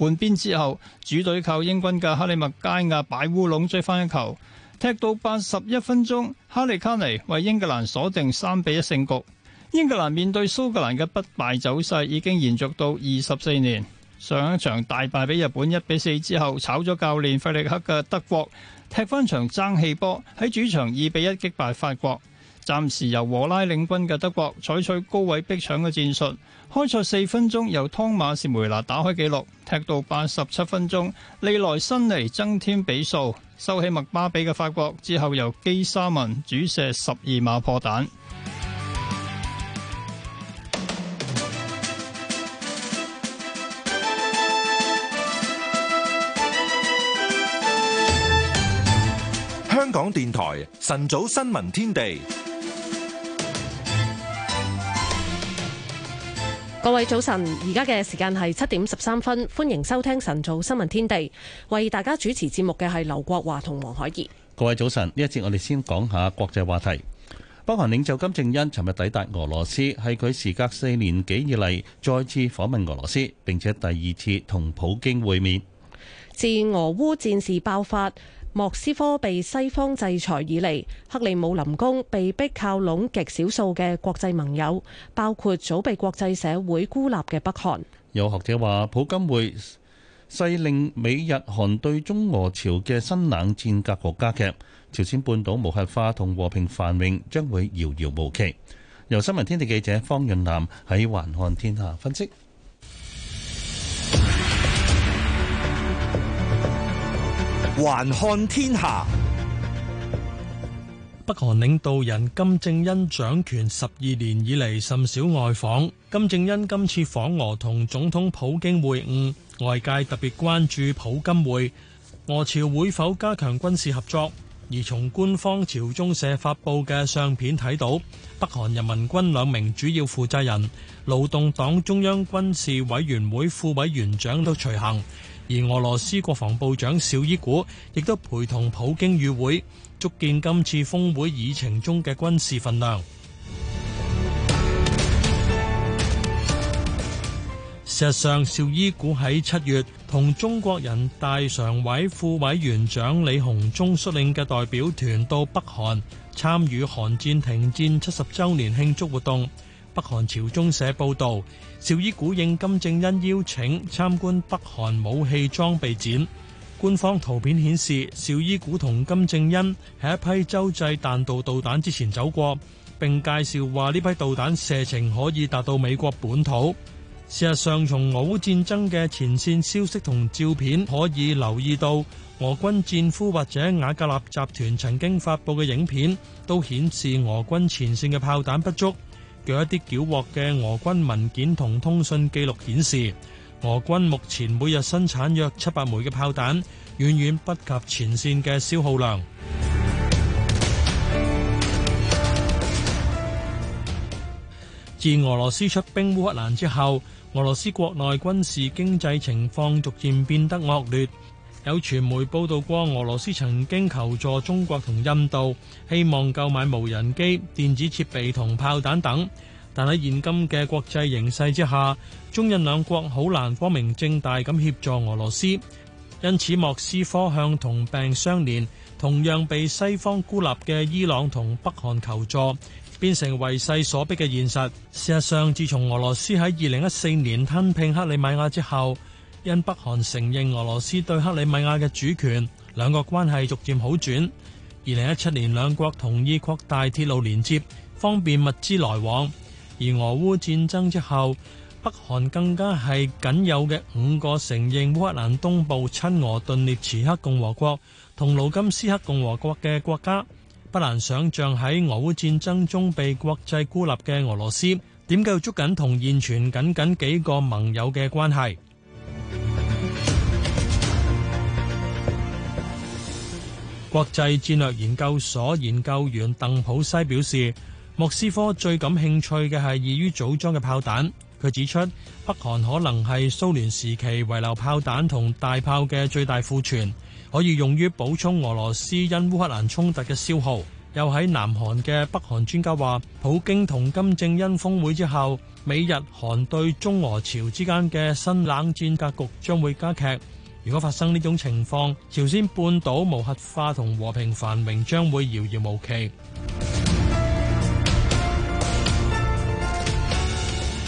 換邊之後，主隊靠英軍嘅哈利麥佳亞擺烏龍追翻一球，踢到八十一分鐘，哈利卡尼為英格蘭鎖定三比一勝局。英格蘭面對蘇格蘭嘅不敗走勢已經延續到二十四年。上一場大敗俾日本一比四之後，炒咗教練費力克嘅德國踢翻場爭氣波，喺主場二比一擊敗法國。暫時由和拉領軍嘅德國採取高位逼搶嘅戰術，開賽四分鐘由湯馬士梅拿打開紀錄，踢到八十七分鐘利來辛尼增添比數，收起麥巴比嘅法國之後由基沙文主射十二碼破蛋。香港電台晨早新聞天地。各位早晨，而家嘅時間係七點十三分，歡迎收聽晨早新聞天地。為大家主持節目嘅係劉國華同黃海怡。各位早晨，呢一節我哋先講下國際話題。北韓領袖金正恩尋日抵達俄羅斯，係佢時隔四年幾以嚟再次訪問俄羅斯，並且第二次同普京會面。自俄烏戰事爆發。莫斯科被西方制裁以嚟，克里姆林宮被迫靠攏極少數嘅國際盟友，包括早被國際社會孤立嘅北韓。有學者話，普京會勢令美日韓對中俄朝嘅新冷戰格局加劇，朝鮮半島無核化同和，和平繁榮將會遙遙無期。由新聞天地記者方潤南喺環看天下分析。還看天下。北韓領導人金正恩掌權十二年以嚟，甚少外訪。金正恩今次訪俄同總統普京會晤，外界特別關注普金會，俄朝會否加強軍事合作？而從官方朝中社發布嘅相片睇到，北韓人民軍兩名主要負責人、勞動黨中央軍事委員會副委員長都隨行，而俄羅斯國防部長邵伊古亦都陪同普京與會，足見今次峰會議程中嘅軍事份量。事實上，邵伊古喺七月同中國人大常委副委員長李鴻忠率領嘅代表團到北韓參與韓戰停戰七十周年慶祝活動。北韓朝中社報道，邵伊古應金正恩邀請參觀北韓武器裝備展。官方圖片顯示，邵伊古同金正恩喺一批洲際彈道導彈之前走過，並介紹話呢批導彈射程可以達到美國本土。事實上，從俄烏戰爭嘅前線消息同照片可以留意到，俄軍戰俘或者瓦格納集團曾經發布嘅影片都顯示俄軍前線嘅炮彈不足。據一啲繳獲嘅俄軍文件同通訊記錄顯示，俄軍目前每日生產約七百枚嘅炮彈，遠遠不及前線嘅消耗量。自俄羅斯出兵烏克蘭之後，俄羅斯國內軍事經濟情況逐漸變得惡劣。有傳媒報道過，俄羅斯曾經求助中國同印度，希望購買無人機、電子設備同炮彈等。但喺現今嘅國際形勢之下，中印兩國好難光明正大咁協助俄羅斯。因此，莫斯科向同病相憐、同樣被西方孤立嘅伊朗同北韓求助。變成為勢所逼嘅現實。事實上，自從俄羅斯喺二零一四年吞併克里米亞之後，因北韓承認俄羅斯對克里米亞嘅主權，兩國關係逐漸好轉。二零一七年，兩國同意擴大鐵路連接，方便物資來往。而俄烏戰爭之後，北韓更加係僅有嘅五個承認烏克蘭東部親俄頓涅茨克共和國同盧甘斯克共和國嘅國家。不難想象，喺俄烏戰爭中被國際孤立嘅俄羅斯，點解要捉緊同現存僅僅幾個盟友嘅關係。 國際戰略研究所研究員鄧普西表示，莫斯科最感興趣嘅係易於組裝嘅炮彈。佢指出，北韓可能係蘇聯時期遺留炮彈同大炮嘅最大庫存。可以用於補充俄羅斯因烏克蘭衝突嘅消耗。又喺南韓嘅北韓專家話，普京同金正恩峰會之後，美日韓對中俄朝之間嘅新冷戰格局將會加劇。如果發生呢種情況，朝鮮半島無核化同和平繁榮將會遙遙無期。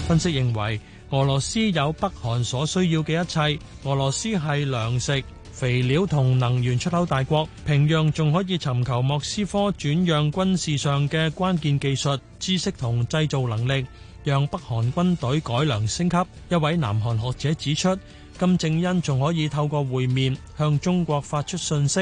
分析認為，俄羅斯有北韓所需要嘅一切，俄羅斯係糧食。肥料同能源出口大國平壤仲可以尋求莫斯科轉讓軍事上嘅關鍵技術知識同製造能力，讓北韓軍隊改良升級。一位南韓學者指出，金正恩仲可以透過會面向中國發出信息。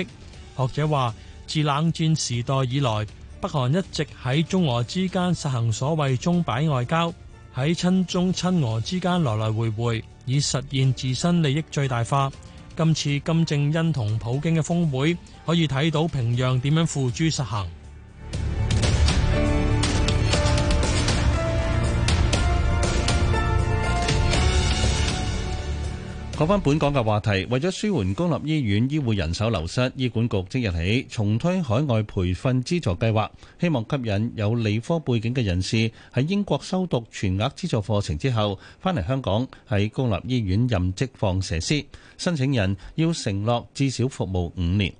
學者話，自冷戰時代以來北韓一直喺中俄之間實行所謂中擺外交，喺親中親俄之間來來回回，以實現自身利益最大化。今次金正恩同普京嘅峰會可以睇到平壤點樣付諸實行。講翻本港嘅話題，為咗舒緩公立醫院醫護人手流失，醫管局即日起重推海外培訓資助計劃，希望吸引有理科背景嘅人士喺英國修讀全額資助課程之後，翻嚟香港喺公立醫院任職放射師。申請人要承諾至少服務五年。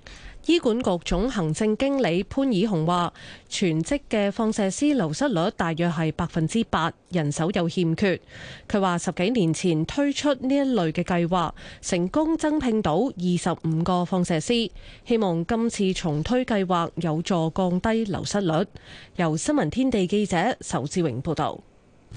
醫管局總行政經理潘以雄話，全職嘅放射師流失率大約係百分之八，人手有欠缺。佢話十幾年前推出呢一類嘅計劃，成功增聘到二十五個放射師，希望今次重推計劃有助降低流失率。由新聞天地記者仇志榮報道。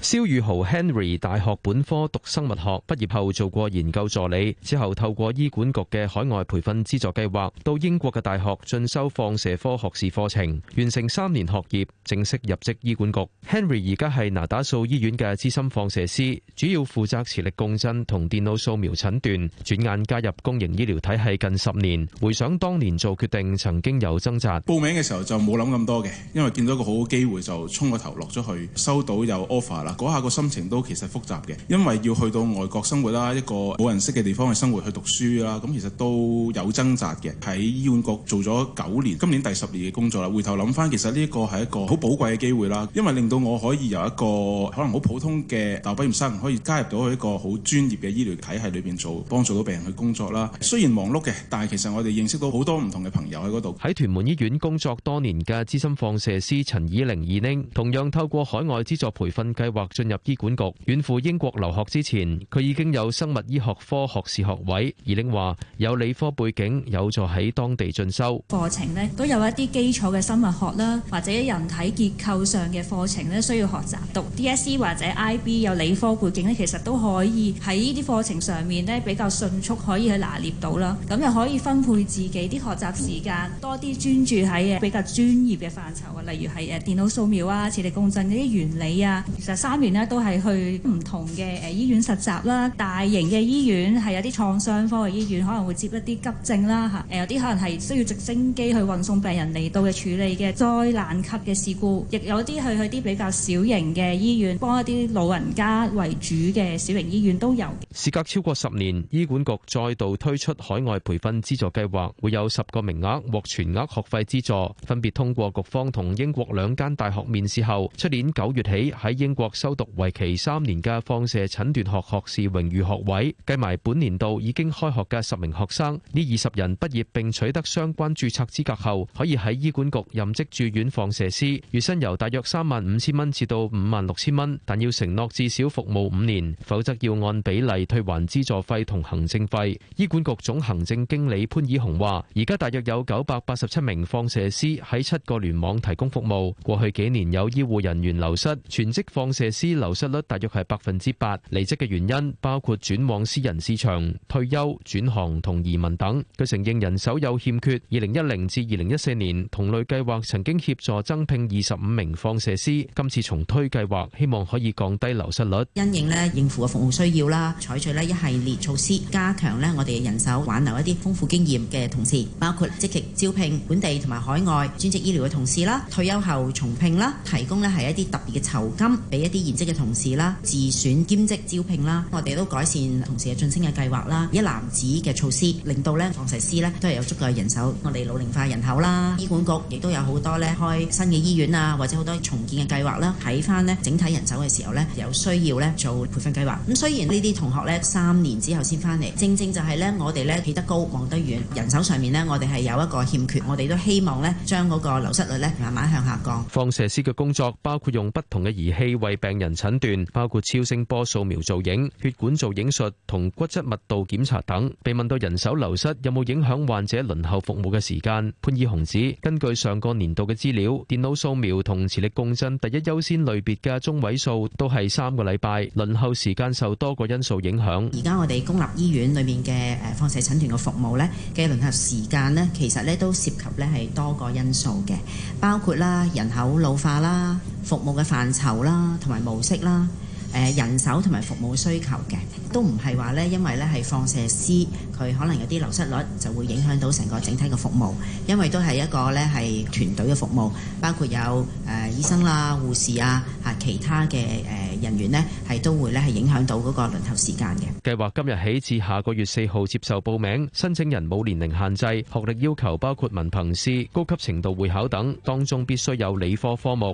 蕭宇豪 Henry 大學本科讀生物學，畢業後做過研究助理，之後透過醫管局嘅海外培訓資助計劃，到英國嘅大學進修放射科學士課程，完成三年學業，正式入職醫管局。Henry 而家係拿打素醫院嘅資深放射師，主要負責磁力共振同電腦掃描診斷。轉眼加入公營醫療體系近十年，回想當年做決定，曾經有掙扎。報名嘅時候就冇諗咁多嘅，因為見到個好好機會就衝個頭落咗去，收到有 offer。嗰下個心情都其實複雜嘅，因為要去到外國生活啦，一個冇人識嘅地方去生活、去讀書啦，咁其實都有掙扎嘅。喺醫管局做咗九年，今年第十年嘅工作啦。回頭諗翻，其實呢個係一個好寶貴嘅機會啦，因為令到我可以由一個可能好普通嘅大學畢業生，可以加入到去一個好專業嘅醫療體系裏邊做，幫助到病人去工作啦。雖然忙碌嘅，但係其實我哋認識到好多唔同嘅朋友喺嗰度。喺屯門醫院工作多年嘅資深放射師陳以玲二人同樣透過海外資助培訓計劃。或進入醫管局，遠赴英國留學之前，佢已經有生物醫學科學士學位。而玲話有理科背景有助喺當地進修課程，呢都有一啲基礎嘅生物學啦，或者人體結構上嘅課程呢需要學習，讀 DSE 或者 IB 有理科背景呢其實都可以喺呢啲課程上面呢比較迅速可以去拿捏到啦。咁又可以分配自己啲學習時間多啲專注喺比較專業嘅範疇啊，例如係誒電腦掃描啊、磁力共振嗰啲原理啊，其實。三年咧都係去唔同嘅誒醫院實習啦，大型嘅醫院係有啲創傷科嘅醫院，可能會接一啲急症啦嚇，誒有啲可能係需要直升機去運送病人嚟到嘅處理嘅災難級嘅事故，亦有啲去去啲比較小型嘅醫院，幫一啲老人家為主嘅小型醫院都有。事隔超過十年，醫管局再度推出海外培訓資助計劃，會有十個名額獲全額學費資助，分別通過局方同英國兩間大學面試後，出年九月起喺英國，修讀為期三年嘅放射診斷學學士榮譽學位，計埋本年度已經開學嘅十名學生，呢二十人畢業並取得相關注冊資格後，可以喺醫管局任職住院放射師，月薪由大約三萬五千蚊至到五萬六千蚊，但要承諾至少服務五年，否則要按比例退還資助費同行政費。醫管局總行政經理潘以雄話：而家大約有九百八十七名放射師喺七個聯網提供服務，過去幾年有醫護人員流失，全職放。射師流失率大約係百分之八，離職嘅原因包括轉往私人市場、退休、轉行同移民等。佢承認人手有欠缺。二零一零至二零一四年同類計劃曾經協助增聘二十五名放射師，今次重推計劃希望可以降低流失率。因應呢應付嘅服務需要啦，採取呢一系列措施加強呢我哋嘅人手挽留一啲豐富經驗嘅同事，包括積極招聘本地同埋海外專職醫療嘅同事啦，退休後重聘啦，提供呢係一啲特別嘅酬金俾。一啲現職嘅同事啦，自選兼職招聘啦，我哋都改善同事嘅晉升嘅計劃啦。一攬子嘅措施，令到咧放射師咧都係有足夠嘅人手。我哋老齡化人口啦，醫管局亦都有好多咧開新嘅醫院啊，或者好多重建嘅計劃啦。睇返咧整體人手嘅時候咧，有需要咧做培訓計劃。咁雖然呢啲同學咧三年之後先翻嚟，正正就係咧我哋咧企得高望得遠，人手上面咧我哋係有一個欠缺，我哋都希望咧將嗰個流失率咧慢慢向下降。放射師嘅工作包括用不同嘅儀器為病人診斷包括超聲波掃描造影、血管造影術同骨質密度檢查等。被問到人手流失有冇影響患者輪候服務嘅時間，潘以紅指根據上個年度嘅資料，電腦掃描同磁力共振第一優先類別嘅中位數都係三個禮拜。輪候時間受多個因素影響。而家我哋公立醫院裏面嘅誒放射診斷嘅服務咧嘅輪候時間咧，其實咧都涉及咧係多個因素嘅，包括啦人口老化啦、服務嘅範疇啦。同埋模式啦，誒人手同埋服務需求嘅，都唔係話咧，因為咧係放射師，佢可能有啲流失率，就會影響到成個整體嘅服務。因為都係一個咧係團隊嘅服務，包括有誒醫生啦、護士啊、嚇其他嘅誒人員咧，係都會咧係影響到嗰個輪候時間嘅。計劃今日起至下個月四號接受報名，申請人冇年齡限制，學歷要求包括文憑試、高級程度會考等，當中必須有理科科目。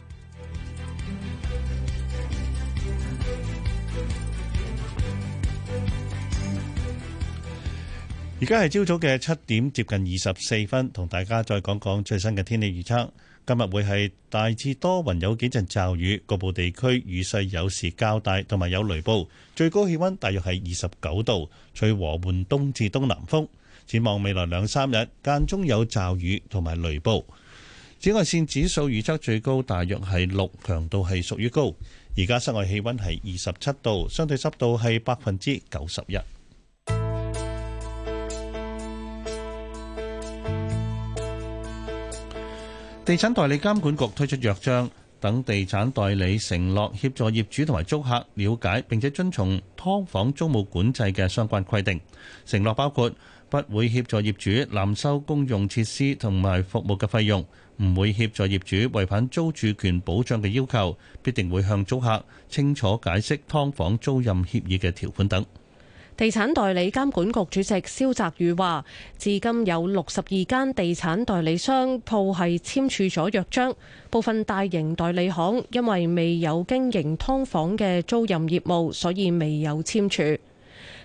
而家係朝早嘅七點接近二十四分，同大家再講講最新嘅天氣預測。今日會係大致多雲，有幾陣驟雨，局部地區雨勢有時較大，同埋有雷暴。最高氣溫大約係二十九度，吹和緩東至東南風。展望未來兩三日，間中有驟雨同埋雷暴。紫外線指數預測最高大約係六，強度係屬於高。而家室外氣溫係二十七度，相對濕度係百分之九十一。地產代理監管局推出約章，等地產代理承諾協助業主同埋租客了解並且遵從劏房租務管制嘅相關規定。承諾包括不會協助業主濫收公用設施同埋服務嘅費用，唔會協助業主違反租住權保障嘅要求，必定會向租客清楚解釋劏房租賃協議嘅條款等。地產代理監管局主席蕭澤宇話，至今有六十二間地產代理商鋪係簽署咗約章，部分大型代理行因為未有經營劏房嘅租賃業務，所以未有簽署。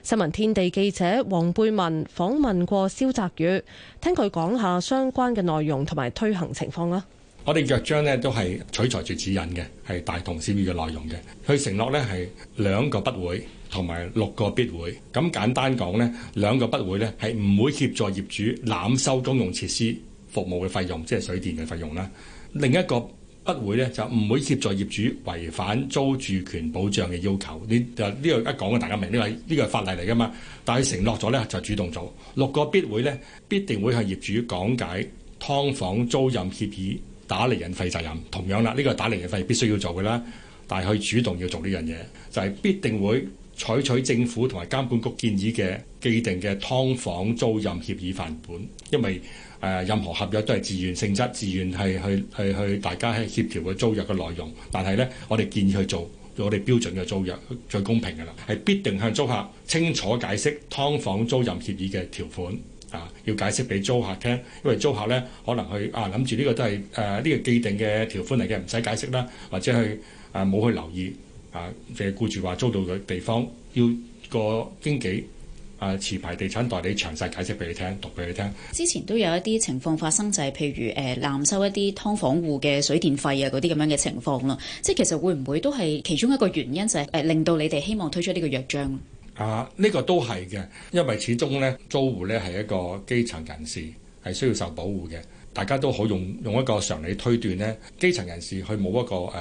新聞天地記者黃貝文訪問過蕭澤宇，聽佢講下相關嘅內容同埋推行情況啊，我哋約章呢都係取材住指引嘅，係大同小異嘅內容嘅，佢承諾呢係兩個不會。同埋六個必會，咁簡單講呢，兩個必會呢係唔會協助業主濫收公用設施服務嘅費用，即係水電嘅費用啦。另一個必會呢就唔會協助業主違反租住權保障嘅要求。你話呢個一講嘅大家明呢、呢個呢、呢個係法例嚟噶嘛？但係承諾咗呢，就是、主動做六個必會呢，必定會向業主講解劏房租賃協議、打釐印費責任。同樣啦，呢、呢個打釐印費必須要做嘅啦，但係佢主動要做呢樣嘢就係、是、必定會。採取政府同埋監管局建議嘅既定嘅劏房租賃協議範本，因為任何合約都係自願性質，自願係去，去去大家係協調嘅租約嘅內容。但係呢，我哋建議去做我哋標準嘅租約，最公平嘅啦，係必定向租客清楚解釋劏房租賃協議嘅條款啊，要解釋俾租客聽，因為租客呢，可能佢諗住呢個都係誒呢個既定嘅條款嚟嘅，唔使解釋啦，或者佢冇去留意。啊！嘅顧住話租到嘅地方要個經紀啊，持牌地產代理詳細解釋俾你聽，讀俾你聽。之前都有一啲情況發生，就係、是、譬如誒，濫、呃、收一啲劏房戶嘅水電費啊，嗰啲咁樣嘅情況咯。即係其實會唔會都係其中一個原因，就係、是、誒、啊、令到你哋希望推出呢個約章啊？呢、這個都係嘅，因為始終咧租戶咧係一個基層人士，係需要受保護嘅。大家都好用用一個常理推斷咧，基層人士佢冇一個誒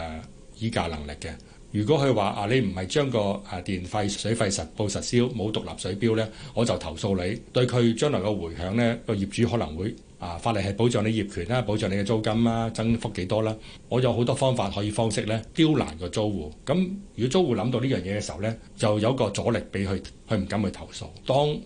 議價能力嘅。如果佢話啊，你唔係將個啊電費水費實報實銷，冇獨立水表呢，我就投訴你。對佢將來嘅迴響呢，個業主可能會啊，法例係保障你業權啦，保障你嘅租金啦，增幅幾多啦，我有好多方法可以方式呢，刁難個租戶。咁如果租戶諗到呢樣嘢嘅時候呢，就有個阻力俾佢，佢唔敢去投訴。當誒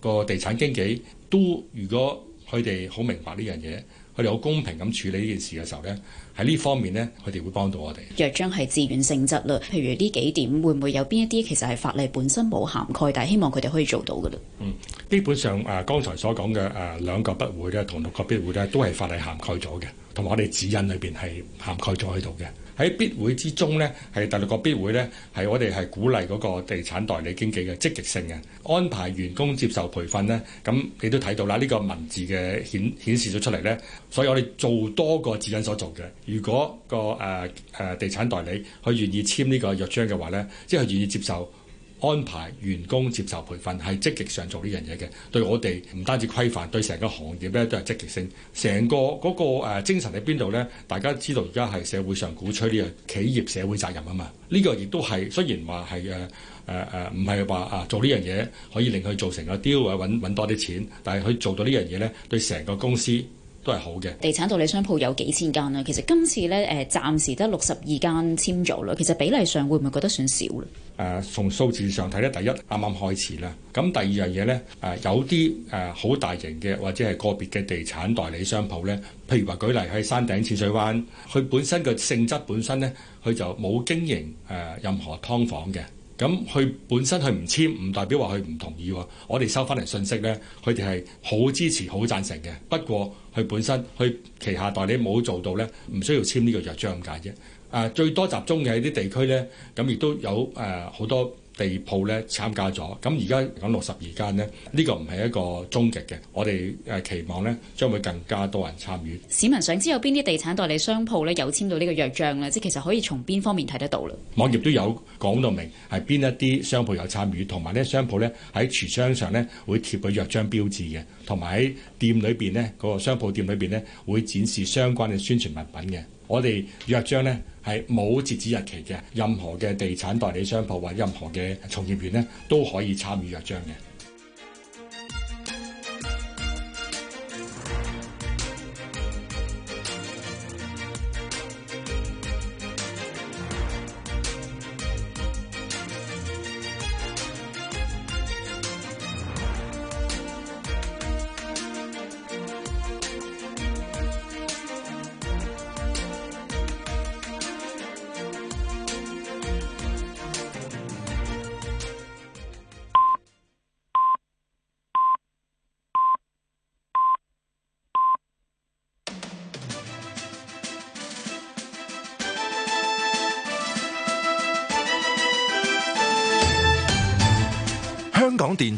個、呃、地產經紀都如果佢哋好明白呢樣嘢。佢哋好公平咁處理呢件事嘅時候咧，喺呢方面咧，佢哋會幫到我哋。約章係自願性質啦，譬如呢幾點，會唔會有邊一啲其實係法例本身冇涵蓋，但係希望佢哋可以做到嘅咧？嗯，基本上誒、啊，剛才所講嘅誒兩個不會咧，同六個必會咧，都係法例涵蓋咗嘅，同埋我哋指引裏邊係涵蓋咗喺度嘅。喺必會之中咧，係第六個必會咧，係我哋係鼓勵嗰個地產代理經紀嘅積極性嘅安排，員工接受培訓咧。咁你都睇到啦，呢個文字嘅顯顯示咗出嚟咧。所以我哋做多過指引所做嘅。如果嗰個誒誒、啊啊、地產代理佢願意簽呢個約章嘅話咧，即係佢願意接受。安排員工接受培訓係積極上做呢樣嘢嘅，對我哋唔單止規範，對成個行業咧都係積極性。成個嗰個精神喺邊度咧？大家知道而家係社會上鼓吹呢樣企業社會責任啊嘛。呢個亦都係雖然話係誒誒誒，唔係話啊做呢樣嘢可以令佢做成啊 deal 啊揾揾多啲錢，但係佢做到呢樣嘢咧，對成個公司，都係好嘅，地產代理商鋪有幾千間啦。其實今次咧，誒暫時得六十二間簽咗啦。其實比例上會唔會覺得算少咧？誒、呃，從數字上睇咧，第一啱啱開始啦。咁第二樣嘢咧，誒、呃、有啲誒好大型嘅或者係個別嘅地產代理商鋪咧，譬如話舉例喺山頂淺水灣，佢本身嘅性質本身咧，佢就冇經營誒、呃、任何劏房嘅。咁佢本身佢唔簽唔代表話佢唔同意喎。我哋收翻嚟信息呢，佢哋係好支持、好贊成嘅。不過佢本身佢旗下代理冇做到呢，唔需要簽呢個約章咁解啫。啊，最多集中嘅喺啲地區呢，咁亦都有誒、呃、好多。地鋪咧參加咗，咁而家嚟講六十二間呢，間呢、呢個唔係一個終極嘅，我哋誒、呃、期望咧將會更加多人參與。市民想知有邊啲地產代理商鋪咧有簽到呢個約章咧，即係其實可以從邊方面睇得到咧？網頁都有講到明係邊一啲商鋪有參與，同埋呢商鋪咧喺櫥窗上咧會貼個約章標誌嘅，同埋喺店裏邊呢，嗰、嗰個商鋪店裏邊咧會展示相關嘅宣傳物品嘅。我哋約章呢係冇截止日期嘅，任何嘅地產代理商鋪或任何嘅從業員呢都可以參與約章嘅。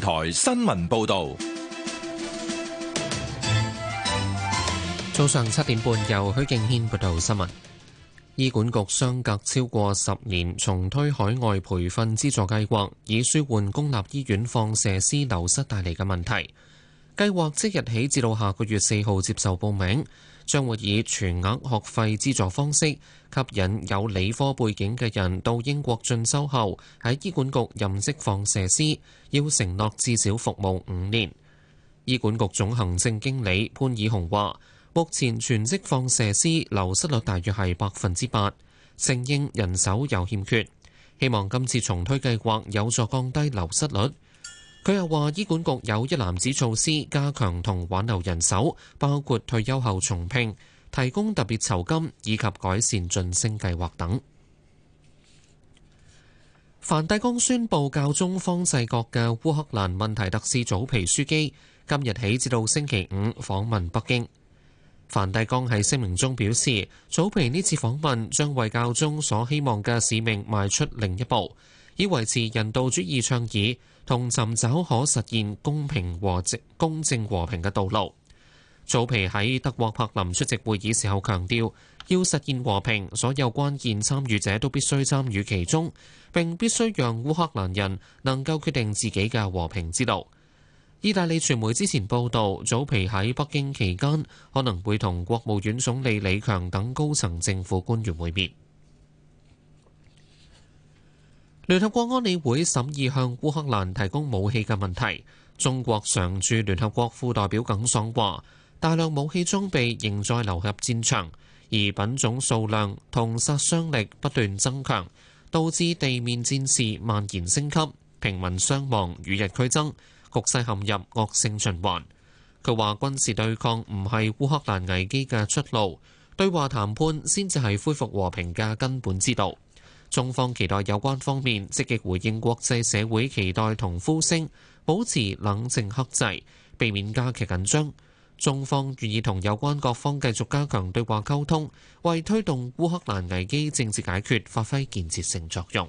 台新聞報道，早上七點半由許敬軒報道新聞。醫管局相隔超過十年重推海外培訓資助計劃，以舒緩公立醫院放射師流失帶嚟嘅問題。計劃即日起至到下個月四號接受報名。將會以全額學費資助方式吸引有理科背景嘅人到英國進修後，喺醫管局任職放射師，要承諾至少服務五年。醫管局總行政經理潘以雄話，目前全職放射師流失率大約係百分之八，承認人手有欠缺，希望今次重推計劃有助降低流失率。佢又話，醫管局有一籃子措施加強同挽留人手，包括退休後重聘、提供特別酬金以及改善晉升計劃等。梵蒂岡宣布，教宗方濟各嘅烏克蘭問題特使祖皮樞機今日起至到星期五訪問北京。梵蒂岡喺聲明中表示，祖皮呢次訪問將為教宗所希望嘅使命邁出另一步，以維持人道主義倡議。同尋找可實現公平和公正和平嘅道路。早前喺德國柏林出席會議時候，強調要實現和平，所有關鍵參與者都必須參與其中，並必須讓烏克蘭人能夠決定自己嘅和平之路。意大利傳媒之前報道，早前喺北京期間可能會同國務院總理李強等高層政府官員會面。聯合國安理會審議向烏克蘭提供武器嘅問題。中國常駐聯合國副代表耿爽話：大量武器裝備仍在流入戰場，而品種數量同殺傷力不斷增強，導致地面戰事蔓延升級，平民傷亡與日俱增，局勢陷入惡性循環。佢話軍事對抗唔係烏克蘭危機嘅出路，對話談判先至係恢復和平嘅根本之道。中方期待有關方面積極回應國際社會期待同呼聲，保持冷靜克制，避免加劇緊張。中方願意同有關各方繼續加強對話溝通，為推動烏克蘭危機政治解決發揮建設性作用。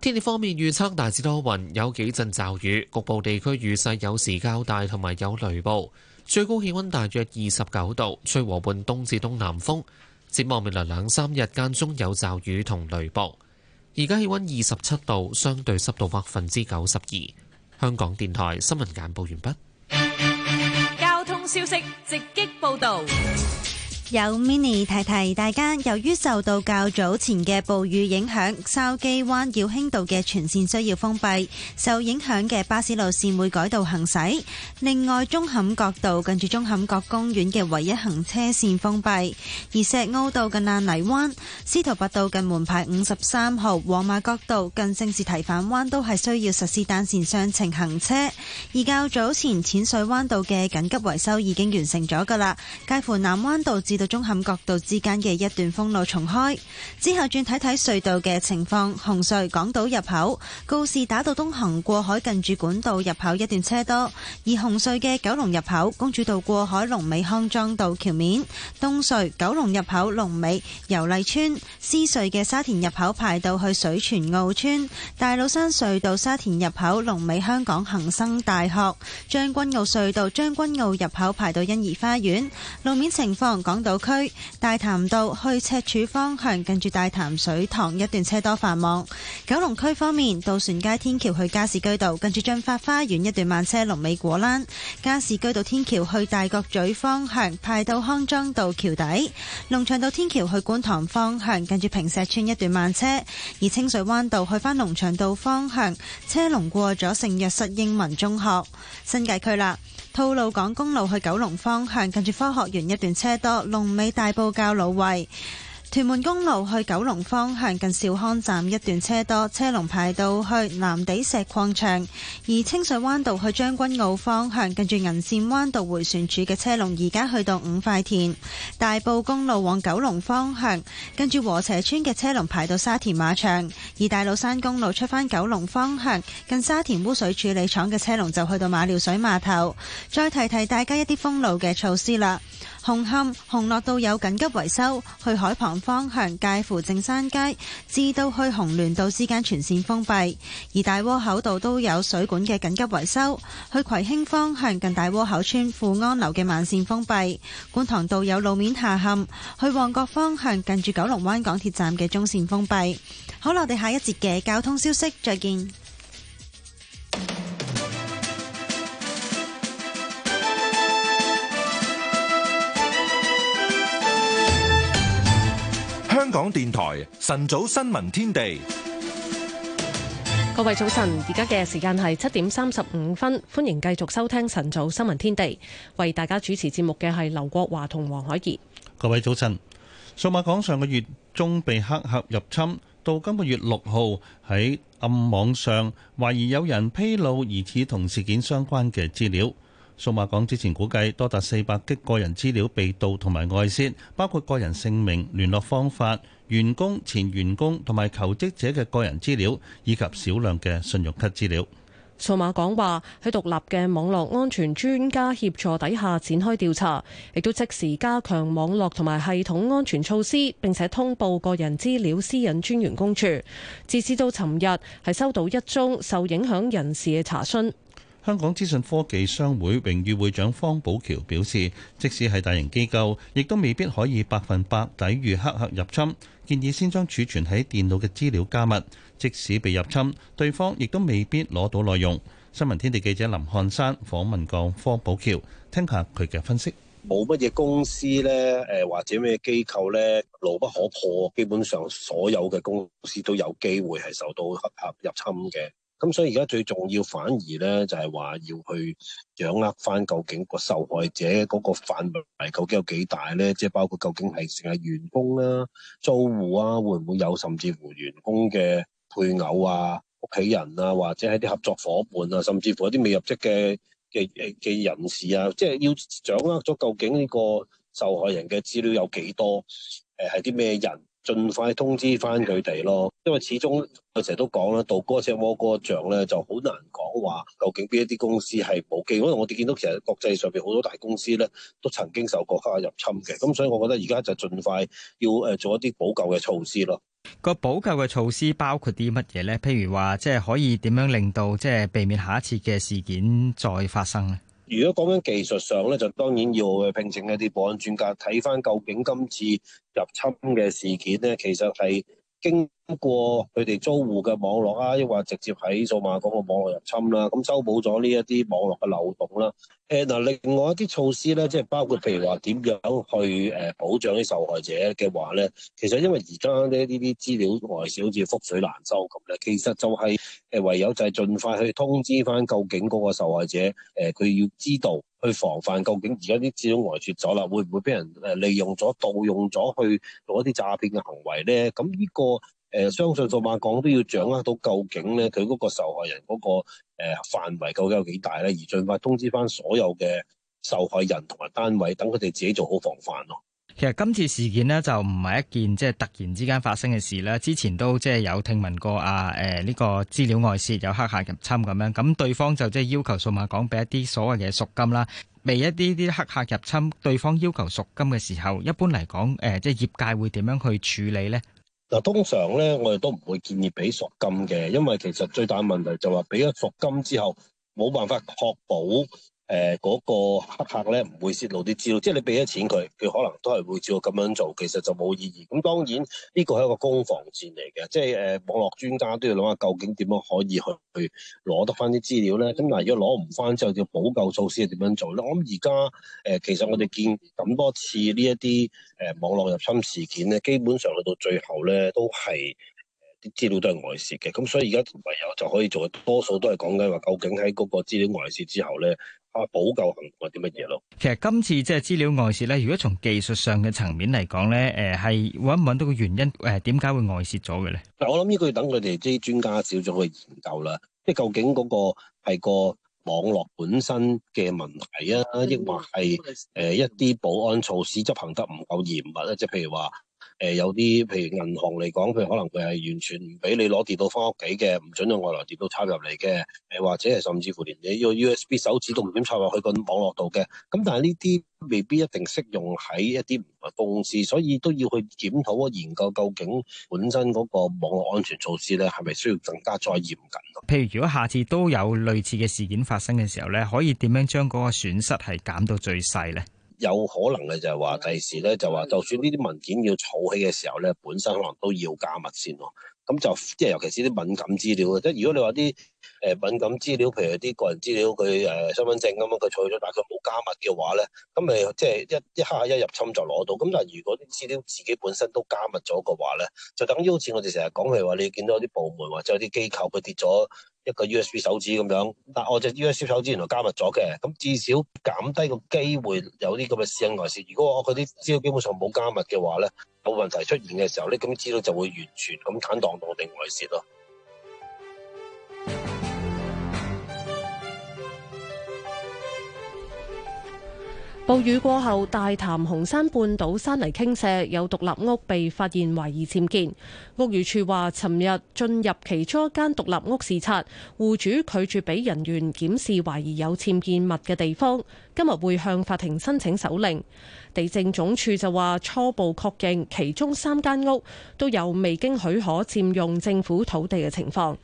天氣方面預測大致多雲，有幾陣驟雨，局部地區雨勢有時較大，同埋有雷暴。最高氣温大約二十九度，吹和緩東至東南風。展望未來兩三日間中有驟雨同雷暴，而家氣温二十七度，相對濕度百分之九十二。香港電台新聞簡報完畢。交通消息直擊報導。有 mini 提提大家，由於受到較早前嘅暴雨影響，筲箕灣耀興道嘅全線需要封閉，受影響嘅巴士路線會改道行駛。另外，舂坎角道近住舂坎角公園嘅唯一行車線封閉，而石澳道近爛泥灣、司徒拔道近門牌五十三號、黃麻角道近聖士提反灣都係需要實施單線雙程行車。而較早前淺水灣道嘅緊急維修已經完成咗㗎喇，介乎南灣道至到中陷國道之間嘅一段封路重開之後，轉睇睇隧道嘅情況。紅隧港島入口、告士打道東行過海近主管道入口一段車多，而紅隧嘅九龍入口、公主道過海龍尾康莊道橋面；東隧九龍入口龍尾油麗村；獅隧嘅沙田入口排到去水泉澳村；大老山隧道沙田入口龍尾香港恒生大學；將軍澳隧道將軍澳入口排到欣怡花園。路面情況，港。島區大潭道去赤柱方向，近住大潭水塘一段車多繁忙。九龍區方面，渡船街天橋去加士居道，近住駿發花園一段慢車龍尾果欄。加士居道天橋去大角咀方向，排到康莊道橋底。龍翔道天橋去觀塘方向，近住坪石邨一段慢車。而清水灣道去返龍翔道方向，車龍過咗聖若瑟英文中學，新界區啦。吐露港公路去九龍方向，近住科學園一段車多，龍尾大埔較老圍。屯門公路去九龍方向，近兆康站一段車多，車龍排到去南地石礦場；而清水灣道去將軍澳方向，近住銀線灣道回旋處嘅車龍，而家去到五塊田；大埔公路往九龍方向，跟住禾輋村嘅車龍排到沙田馬場；而大老山公路出返九龍方向，近沙田污水處理廠嘅車龍就去到馬料水碼頭。再提提大家一啲封路嘅措施啦。紅磡紅樂道有緊急維修，去海旁方向介乎正山街至到去紅聯道之間全線封閉；而大窩口道都有水管嘅緊急維修，去葵興方向近大窩口村富安樓嘅慢線封閉。觀塘道有路面下陷，去旺角方向近住九龍灣港鐵站嘅中線封閉。好啦，我哋下一節嘅交通消息，再見。香港電台晨早新聞天地，各位早晨，而家嘅時間係七點三十五分，歡迎繼續收聽晨早新聞天地。為大家主持節目嘅係劉國華同黃海怡。各位早晨，數碼港上個月中被黑客入侵，到今個月六號喺暗網上懷疑有人披露疑似同事件相關嘅資料。數碼港之前估計，多達四百 G 個人資料被盜同埋外泄，包括個人姓名、聯絡方法、員工、前員工同埋求職者嘅個人資料，以及少量嘅信用卡資料。數碼港話喺獨立嘅網絡安全專家協助底下展開調查，亦都即時加強網絡同埋系統安全措施，並且通報個人資料私隱專員公署。截至到尋日，係收到一宗受影響人士嘅查詢。香港資訊科技商會榮譽會長方寶橋表示，即使係大型機構，亦都未必可以百分百抵禦黑客入侵。建議先將儲存喺電腦嘅資料加密，即使被入侵，對方亦都未必攞到內容。新聞天地記者林漢山訪問過方寶橋，聽下佢嘅分析。冇乜嘢公司咧，誒或者咩機構呢，牢不可破。基本上所有嘅公司都有機會係受到黑客入侵嘅。咁、嗯、所以而家最重要，反而咧就係、是、話要去掌握翻究竟個受害者嗰個範圍究竟有幾大咧？即係包括究竟係成係員工啦、啊、租戶啊，會唔會有甚至乎員工嘅配偶啊、屋企人啊，或者係啲合作伙伴啊，甚至乎一啲未入職嘅嘅嘅人士啊，即係要掌握咗究竟呢個受害人嘅資料有幾多？誒、呃，係啲咩人？盡快通知翻佢哋咯，因為始終我成日都講啦，道高一尺，魔高一丈咧就好難講話究竟邊一啲公司係補救，可能我哋見到其實國際上邊好多大公司咧都曾經受過國家入侵嘅，咁所以我覺得而家就盡快要誒做一啲補救嘅措施咯。個補救嘅措施包括啲乜嘢咧？譬如話即係可以點樣令到即係、就是、避免下一次嘅事件再發生咧？如果講緊技術上咧，就當然要去聘請一啲保安專家睇翻究竟今次。入侵嘅事件咧，其實係經，通過佢哋租戶嘅網絡啊，抑或直接喺數碼港個網絡入侵啦，咁修補咗呢一啲網絡嘅漏洞啦。誒，嗱，另外一啲措施咧，即係包括譬如話點樣去誒保障啲受害者嘅話咧，其實因為而家呢啲啲資料外洩好似覆水難收咁咧，其實就係誒唯有就係盡快去通知翻究竟嗰個受害者，誒，佢要知道去防範究竟而家啲資料外洩咗啦，會唔會俾人誒利用咗、盜用咗去做一啲詐騙嘅行為咧？咁呢個。誒相信數碼港都要掌握到究竟咧，佢嗰個受害人嗰個誒範圍究竟有幾大咧，而盡快通知翻所有嘅受害人同埋單位，等佢哋自己做好防範咯。其實今次事件咧就唔係一件即係突然之間發生嘅事啦，之前都即係有聽聞過啊誒呢個資料外泄有黑客入侵咁樣，咁對方就即係要求數碼港俾一啲所謂嘅贖金啦。畀一啲啲黑客入侵，對方要求贖金嘅時候，一般嚟講誒即係業界會點樣去處理咧？嗱，通常咧，我哋都唔會建議俾贖金嘅，因為其實最大問題就話俾咗贖金之後，冇辦法確保。誒、嗰、呃那個黑客咧唔會洩露啲資料，即係你俾咗錢佢，佢可能都係會照咁樣做，其實就冇意義。咁當然呢個係一個攻防戰嚟嘅，即係誒、呃、網絡專家都要諗下究竟點樣可以去攞得翻啲資料咧。咁但係，如果攞唔翻之後，要補救措施係點樣做咧？我諗而家誒，其實我哋見咁多次呢一啲誒網絡入侵事件咧，基本上去到最後咧都係啲資料都係外洩嘅。咁所以而家唯有就可以做，多數都係講緊話，究竟喺嗰個資料外洩之後咧。啊！補救行動係啲乜嘢咯？其實今次即係資料外泄咧，如果從技術上嘅層面嚟講咧，誒係揾唔揾到個原因？誒點解會外泄咗嘅咧？嗱、呃呃啊，我諗呢個要等佢哋啲專家小組去研究啦。即係究竟嗰個係個網絡本身嘅問題啊，抑或係誒一啲保安措施執行得唔夠嚴密啊？即係譬如話。誒、呃，有啲譬如銀行嚟講，佢可能佢係完全唔俾你攞跌到翻屋企嘅，唔准用外來碟到插入嚟嘅，誒、呃、或者係甚至乎連 U U S B 手指都唔俾插入去個網絡度嘅，咁但係呢啲未必一定適用喺一啲唔同公司，所以都要去檢討啊，研究究究竟本身嗰個網絡安全措施咧係咪需要更加再嚴謹？譬如如果下次都有類似嘅事件發生嘅時候咧，可以點樣將嗰個損失係減到最細咧？有可能嘅就係話，第時咧就話，就算呢啲文件要儲起嘅時候咧，本身可能都要加密先咯。咁就即係，尤其是啲敏感資料嘅，即係如果你話啲。誒，敏感資料，譬如啲個人資料，佢誒身份證咁樣，佢採咗，但佢冇加密嘅話咧，咁咪即係一一下一入侵就攞到。咁但係如果啲資料自己本身都加密咗嘅話咧，就等於好似我哋成日講，譬如話你見到有啲部門或者有啲機構佢跌咗一個 USB 手指咁樣，但我隻 USB 手指原來加密咗嘅，咁至少減低個機會有啲咁嘅私隱外洩。如果我佢啲資料基本上冇加密嘅話咧，有問題出現嘅時候，呢啲資料就會完全咁坦蕩蕩咁外洩咯。暴雨過後，大潭紅山半島山泥傾瀉，有獨立屋被發現懷疑僭建。屋宇處話，尋日進入其中一間獨立屋視察，戶主拒絕俾人員檢視懷疑有僭建物嘅地方。今日會向法庭申請手令。地政總署就話，初步確認其中三間屋都有未經許可佔用政府土地嘅情況。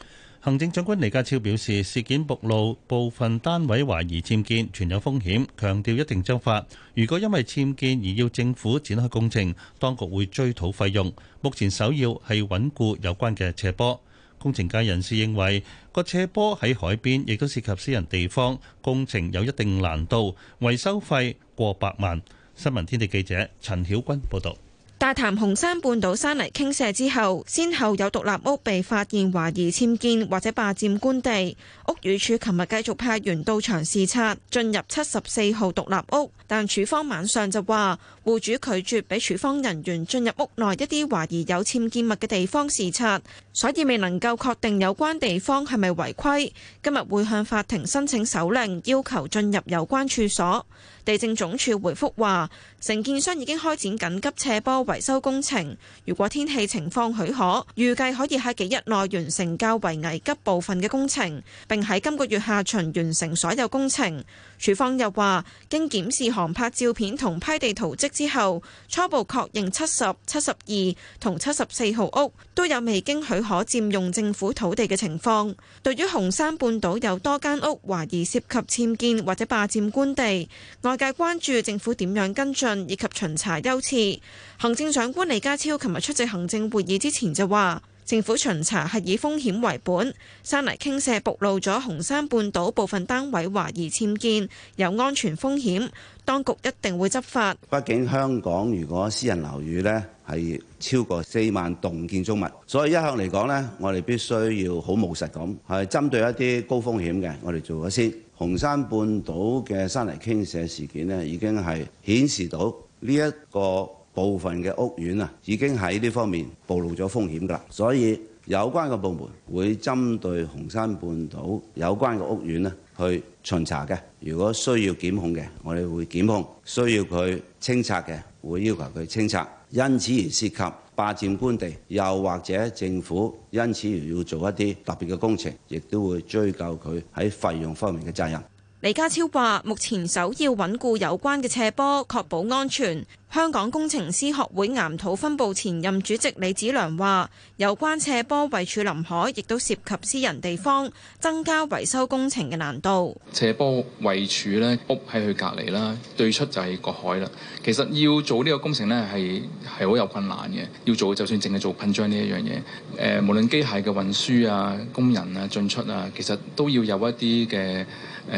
行政長官李家超表示，事件暴露部分單位懷疑僭建，存有風險，強調一定執法。如果因為僭建而要政府展開工程，當局會追討費用。目前首要係穩固有關嘅斜坡。工程界人士認為，個斜坡喺海邊，亦都涉及私人地方，工程有一定難度，維修費過百萬。新聞天地記者陳曉君報道。大潭紅山半島山泥傾瀉之後，先後有獨立屋被發現懷疑僭建或者霸佔官地，屋宇署琴日繼續派員到場視察，進入七十四號獨立屋，但署方晚上就話戶主拒絕俾署方人員進入屋內一啲懷疑有僭建物嘅地方視察，所以未能夠確定有關地方係咪違規，今日會向法庭申請手令，要求進入有關處所。地政總署回覆話，承建商已經開展緊急斜坡維修工程，如果天氣情況許可，預計可以喺幾日內完成較為危急部分嘅工程，並喺今個月下旬完成所有工程。署方又話，經檢視航拍照片同批地圖迹之後，初步確認七十、七十二同七十四號屋都有未經許可佔用政府土地嘅情況。對於紅山半島有多間屋懷疑涉涉及僭建或者霸佔官地，外界關注政府點樣跟進以及巡查優次，行政長官李家超琴日出席行政會議之前就話：政府巡查係以風險為本，山泥傾瀉暴露咗紅山半島部分單位，懷疑僭建，有安全風險，當局一定會執法。畢竟香港如果私人樓宇呢係超過四萬棟建築物，所以一向嚟講呢，我哋必須要好務實咁，係針對一啲高風險嘅，我哋做咗先。紅山半島嘅山泥傾瀉事件呢，已經係顯示到呢一個部分嘅屋苑啊，已經喺呢方面暴露咗風險㗎啦。所以有關嘅部門會針對紅山半島有關嘅屋苑呢去巡查嘅。如果需要檢控嘅，我哋會檢控；需要佢清拆嘅，會要求佢清拆。因此而涉及，霸佔官地，又或者政府因此而要做一啲特別嘅工程，亦都會追究佢喺費用方面嘅責任。李家超話：目前首要穩固有關嘅斜坡，確保安全。香港工程師學會岩土分部前任主席李子良話：有關斜坡位處臨海，亦都涉及私人地方，增加維修工程嘅難度。斜坡位處咧屋喺佢隔離啦，對出就係個海啦。其實要做呢個工程咧，係係好有困難嘅。要做就算淨係做噴漿呢一樣嘢，誒、呃、無論機械嘅運輸啊、工人啊、進出啊，其實都要有一啲嘅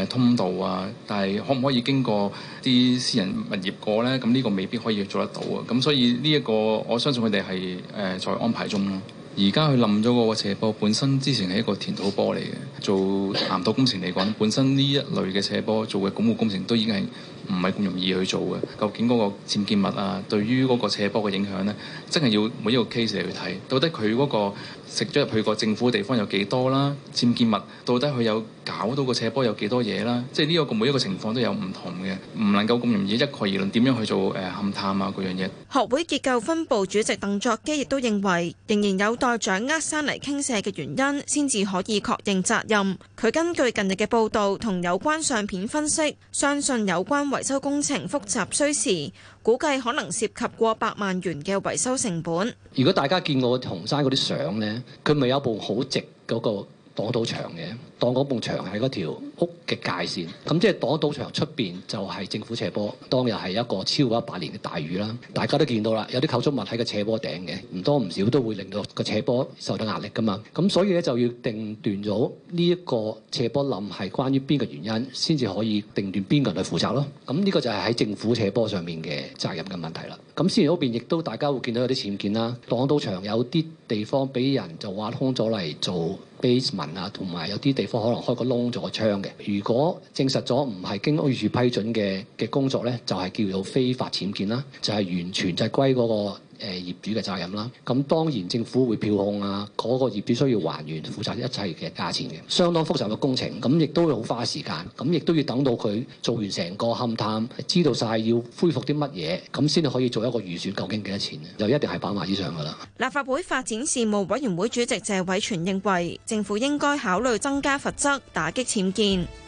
通道啊，但係可唔可以經過啲私人物業過呢？咁呢個未必可以做得到啊！咁所以呢一個，我相信佢哋係誒在安排中咯。而家佢冧咗個斜坡，本身之前係一個填土坡嚟嘅，做岩土工程嚟講，本身呢一類嘅斜坡做嘅鞏固工程都已經係唔係咁容易去做嘅。究竟嗰個僭建物啊，對於嗰個斜坡嘅影響呢，真係要每一個 case 嚟去睇，到底佢嗰個。食咗入去個政府地方有幾多啦？僭建物到底佢有搞到個斜坡有幾多嘢啦？即係呢一個每一個情況都有唔同嘅，唔能夠咁容易一概而論，點樣去做誒勘、呃、探啊嗰樣嘢。學會結構分部主席鄧作基亦都認為，仍然有待掌握山泥傾瀉嘅原因，先至可以確認責任。佢根據近日嘅報導同有關相片分析，相信有關維修工程複雜需時。估計可能涉及過百萬元嘅維修成本。如果大家見過紅山嗰啲相咧，佢咪有部好直嗰個擋土牆嘅？當嗰埲牆係嗰條屋嘅界線，咁即係擋土牆出邊就係政府斜坡。當日係一個超過一百年嘅大雨啦，大家都見到啦，有啲構築物喺個斜坡頂嘅，唔多唔少都會令到個斜坡受到壓力㗎嘛。咁所以咧就要定斷咗呢一個斜坡冧係關於邊個原因，先至可以定斷邊個人去負責咯。咁呢個就係喺政府斜坡上面嘅責任嘅問題啦。咁雖然嗰邊亦都大家會見到有啲僭建啦，擋土牆有啲地方俾人就挖空咗嚟做 basement 啊，同埋有啲地。地方可能開個窿做個窗嘅，如果證實咗唔係經屋宇批准嘅嘅工作咧，就係、是、叫做非法僭建啦，就係、是、完全就係歸嗰、那個。誒業主嘅責任啦，咁當然政府會票控啊，嗰個業主需要還原負責一切嘅價錢嘅，相當複雜嘅工程，咁亦都會好花時間，咁亦都要等到佢做完成個勘探，知道晒要恢復啲乜嘢，咁先可以做一個預算，究竟幾多錢就一定係百萬以上噶啦。立法會發展事務委員會主席謝偉銓認為，政府應該考慮增加罰則，打擊僭建。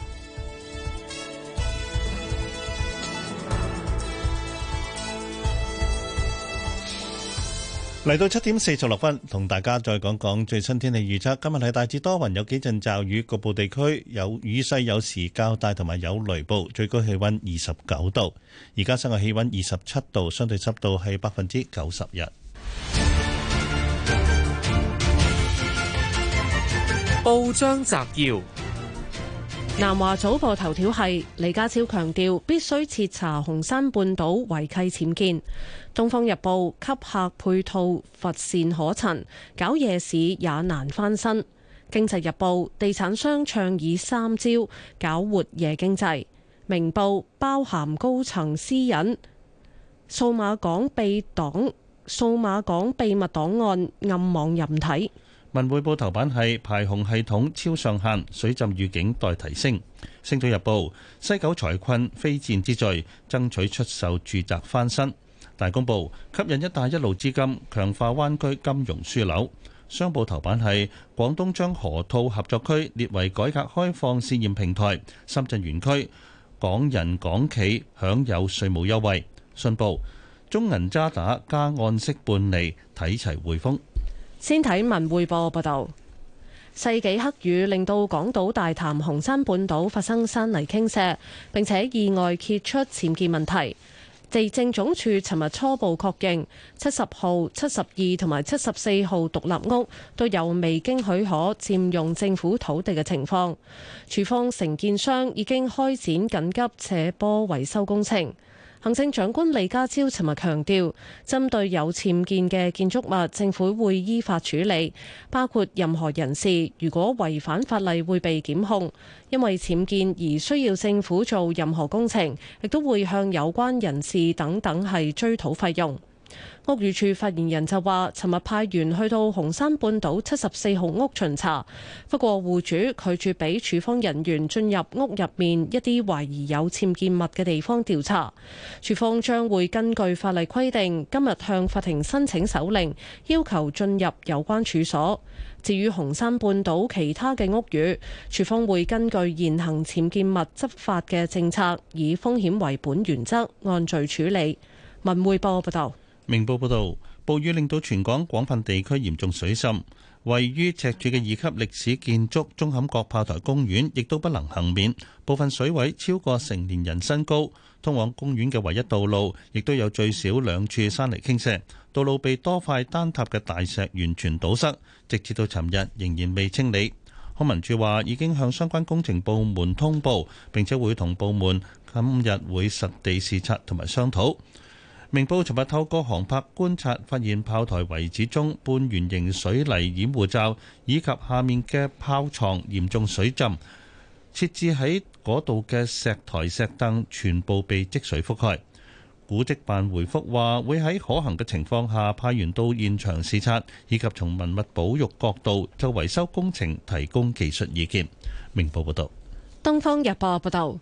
嚟到七點四十六分，同大家再講講最新天氣預測。今日係大致多雲，有幾陣驟雨，局部地區有雨勢有時較大，同埋有雷暴。最高氣溫二十九度，而家室外氣溫二十七度，相對濕度係百分之九十一。報章摘要。南華早報頭條係：李家超強調必須徹查紅山半島違契僭建。東方日報：吸客配套乏善可陳，搞夜市也難翻身。經濟日報：地產商倡議三招搞活夜經濟。明報：包含高層私隱，數碼港秘檔，數碼港秘密檔案暗網任睇。文匯報頭版係排洪系統超上限，水浸預警待提升。星島日報西九財困，非戰之罪，爭取出售住宅翻身。大公報吸引一帶一路資金，強化灣區金融樞紐。商報頭版係廣東將河套合作區列為改革開放試驗平台，深圳園區港人港企享有稅務優惠。信報中銀渣打加按息半厘，睇齊匯豐。先睇文匯報報道，世紀黑雨令到港島大潭紅山半島發生山泥傾瀉，並且意外揭出僭建問題。地政總署尋日初步確認，七十號、七十二同埋七十四號獨立屋都有未經許可佔用政府土地嘅情況。處方承建商已經開展緊急斜坡維修工程。行政長官李家超尋日強調，針對有僭建嘅建築物，政府會依法處理，包括任何人士如果違反法例會被檢控。因為僭建而需要政府做任何工程，亦都會向有關人士等等係追討費用。屋宇處發言人就話，尋日派員去到紅山半島七十四號屋巡查，不過戶主拒絕俾處方人員進入屋入面一啲懷疑有僭建物嘅地方調查。處方將會根據法例規定，今日向法庭申請手令，要求進入有關處所。至於紅山半島其他嘅屋宇，處方會根據現行僭建物執法嘅政策，以風險為本原則，按序處理。文匯報，報道。明報報導，暴雨令到全港廣泛地區嚴重水浸，位於赤柱嘅二級歷史建築舂坎角炮台公園亦都不能幸免。部分水位超過成年人身高，通往公園嘅唯一道路亦都有最少兩處山泥傾瀉，道路被多塊單塔嘅大石完全堵塞，直至到尋日仍然未清理。康文署話已經向相關工程部門通報，並且會同部門今日會實地視察同埋商討。明報尋日透過航拍觀察，發現炮台遺址中半圓形水泥掩護罩以及下面嘅炮牀嚴重水浸，設置喺嗰度嘅石台石凳全部被積水覆蓋。古蹟辦回覆話，會喺可行嘅情況下派員到現場視察，以及從文物保育角度就維修工程提供技術意見。明報報道。東方日報報道。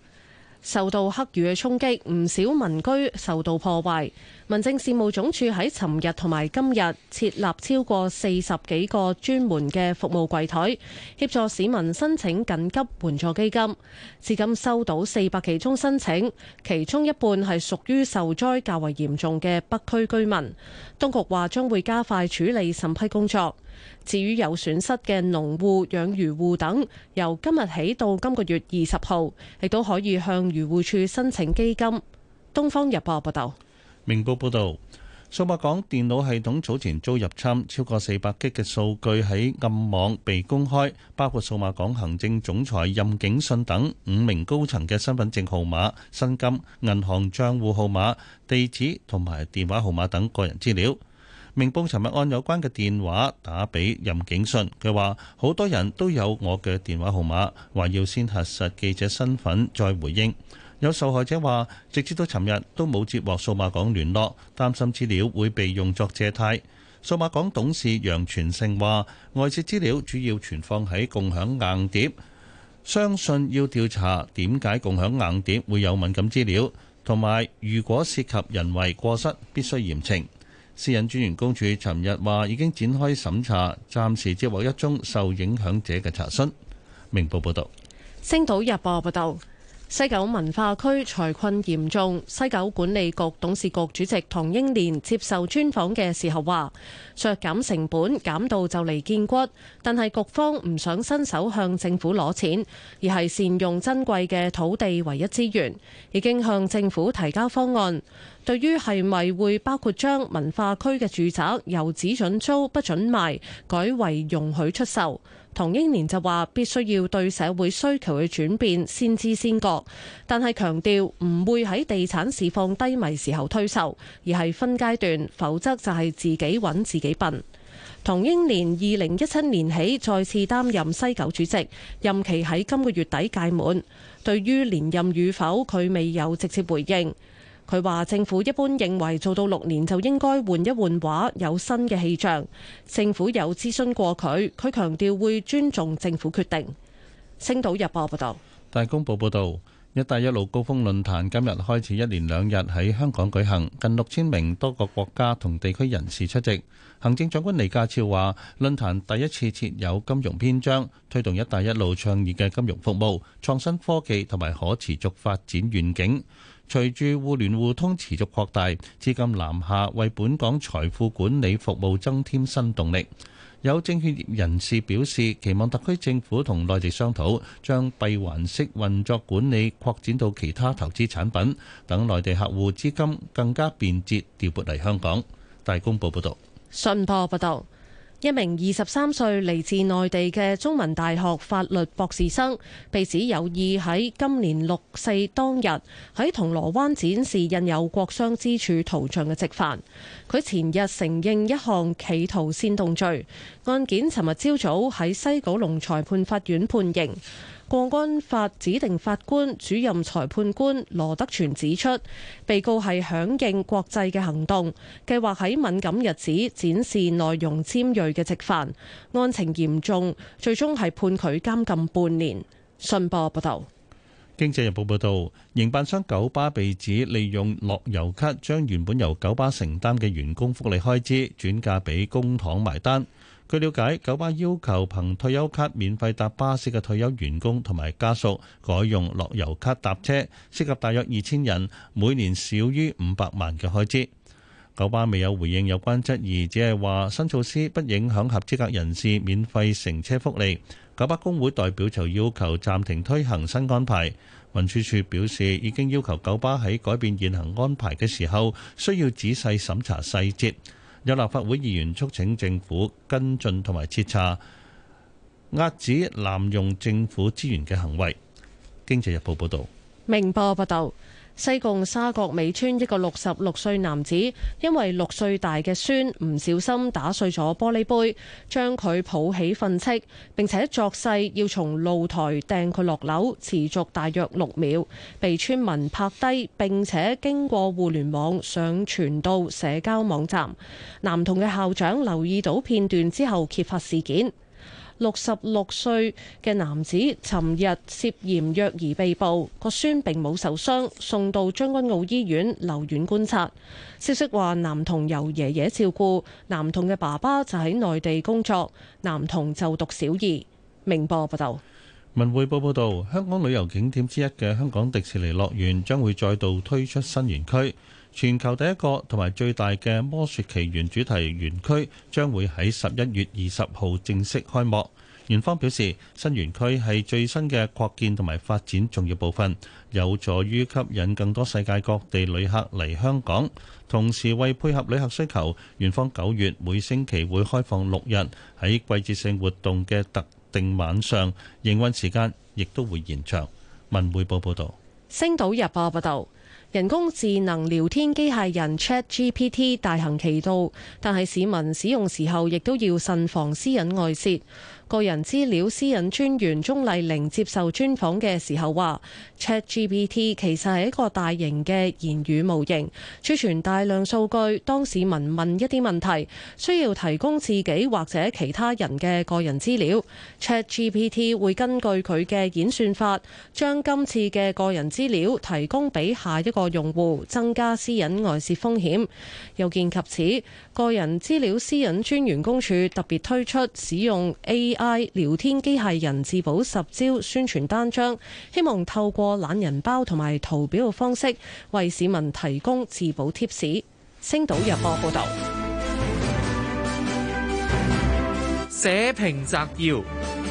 受到黑雨嘅衝擊，唔少民居受到破壞，民政事務總署喺尋日同埋今日設立超過四十幾個專門嘅服務櫃台協助市民申請緊急援助基金。至今收到四百幾宗申請，其中一半係屬於受災較為嚴重嘅北區居民。當局話將會加快處理審批工作。至於有損失嘅農戶、養魚戶等，由今日起到今個月二十號，亦都可以向漁護署申請基金。《東方日報》報道，《明報》報道，數碼港電腦系統早前遭入侵，超過四百 G 嘅數據喺暗網被公開，包括數碼港行政總裁任景信等五名高層嘅身份證號碼、薪金、銀行帳戶號碼、地址同埋電話號碼等個人資料。明報尋日按有關嘅電話打俾任景信，佢話好多人都有我嘅電話號碼，話要先核實記者身份再回應。有受害者話，直至到尋日都冇接獲數碼港聯絡，擔心資料會被用作借貸。數碼港董事楊全盛話，外泄資料主要存放喺共享硬碟，相信要調查點解共享硬碟會有敏感資料，同埋如果涉及人為過失，必須嚴懲。私隱專員公署尋日話已經展開審查，暫時接獲一宗受影響者嘅查詢。明報報道：星島日報報道，西九文化區財困嚴重。西九管理局董事局主席唐英年接受專訪嘅時候話。削減成本，減到就嚟見骨，但係局方唔想伸手向政府攞錢，而係善用珍貴嘅土地唯一資源，已經向政府提交方案。對於係咪會包括將文化區嘅住宅由只准租不准賣改為容許出售，唐英年就話必須要對社會需求嘅轉變先知先覺，但係強調唔會喺地產市況低迷時候推售，而係分階段，否則就係自己揾自己。幾笨，唐英年二零一七年起再次擔任西九主席，任期喺今個月底屆滿。對於連任與否，佢未有直接回應。佢話政府一般認為做到六年就應該換一換畫，有新嘅氣象。政府有諮詢過佢，佢強調會尊重政府決定。星島日報報道，大公報報道。“一帶一路”高峰論壇今日開始一連兩日喺香港舉行，近六千名多個國家同地區人士出席。行政長官李家超話，論壇第一次設有金融篇章，推動“一帶一路”倡議嘅金融服務、創新科技同埋可持續發展願景。隨住互聯互通持續擴大，資金南下為本港財富管理服務增添新動力。有證券業人士表示，期望特區政府同內地商討，將閉環式運作管理擴展到其他投資產品，等內地客戶資金更加便捷調撥嚟香港。大公報報道，道。信報報導。一名二十三歲嚟自內地嘅中文大學法律博士生，被指有意喺今年六四當日喺銅鑼灣展示印有國殤之柱圖像嘅直犯。佢前日承認一項企圖煽動罪，案件尋日朝早喺西九龍裁判法院判刑。國安法指定法官主任裁判官羅德全指出，被告係響應國際嘅行動，計劃喺敏感日子展示內容尖銳嘅直犯，案情嚴重，最終係判佢監禁半年。信報報道，經濟日報報道，營辦商九巴被指利用落油卡，將原本由九巴承擔嘅員工福利開支轉嫁俾公帑埋單。據了解，九巴要求憑退休卡免費搭巴士嘅退休員工同埋家屬改用樂悠卡搭車，涉及大約二千人，每年少於五百萬嘅開支。九巴未有回應有關質疑，只係話新措施不影響合資格人士免費乘車福利。九巴工會代表就要求暫停推行新安排。運輸署表示，已經要求九巴喺改變現行安排嘅時候，需要仔細審查細節。有立法會議員促請政府跟進同埋徹查遏止濫用政府資源嘅行為。經濟日報報道。明報報道。西貢沙角尾村一個六十六歲男子，因為六歲大嘅孫唔小心打碎咗玻璃杯，將佢抱起訓斥，並且作勢要從露台掟佢落樓，持續大約六秒，被村民拍低，並且經過互聯網上傳到社交網站。男童嘅校長留意到片段之後，揭發事件。六十六歲嘅男子尋日涉嫌虐兒被捕，個孫並冇受傷，送到將軍澳醫院留院觀察。消息話男童由爺爺照顧，男童嘅爸爸就喺內地工作，男童就讀小二。明報報道。文匯報報道，香港旅遊景點之一嘅香港迪士尼樂園將會再度推出新園區。全球第一個同埋最大嘅《魔雪奇緣》主題園區將會喺十一月二十號正式開幕。園方表示，新園區係最新嘅擴建同埋發展重要部分，有助於吸引更多世界各地旅客嚟香港。同時為配合旅客需求，園方九月每星期會開放六日，喺季節性活動嘅特定晚上營運時間亦都會延長。文匯報報道。星島日報報道。人工智能聊天機器人 ChatGPT 大行其道，但係市民使用時候亦都要慎防私隱外泄。個人資料私隱專員鍾麗玲接受專訪嘅時候話：ChatGPT 其實係一個大型嘅言語模型，儲存大量數據。當市民問一啲問題，需要提供自己或者其他人嘅個人資料，ChatGPT 會根據佢嘅演算法，將今次嘅個人資料提供俾下一個用戶，增加私隱外洩風險。有見及此，個人資料私隱專員公署特別推出使用 AI 聊天機械人自保十招宣傳單張，希望透過懶人包同埋圖表嘅方式，為市民提供自保貼士。星島日報報導，社評摘要。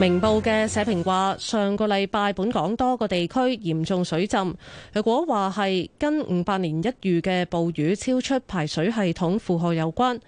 明報嘅社評話：上個禮拜本港多個地區嚴重水浸，如果話係跟五百年一遇嘅暴雨超出排水系統負荷有關。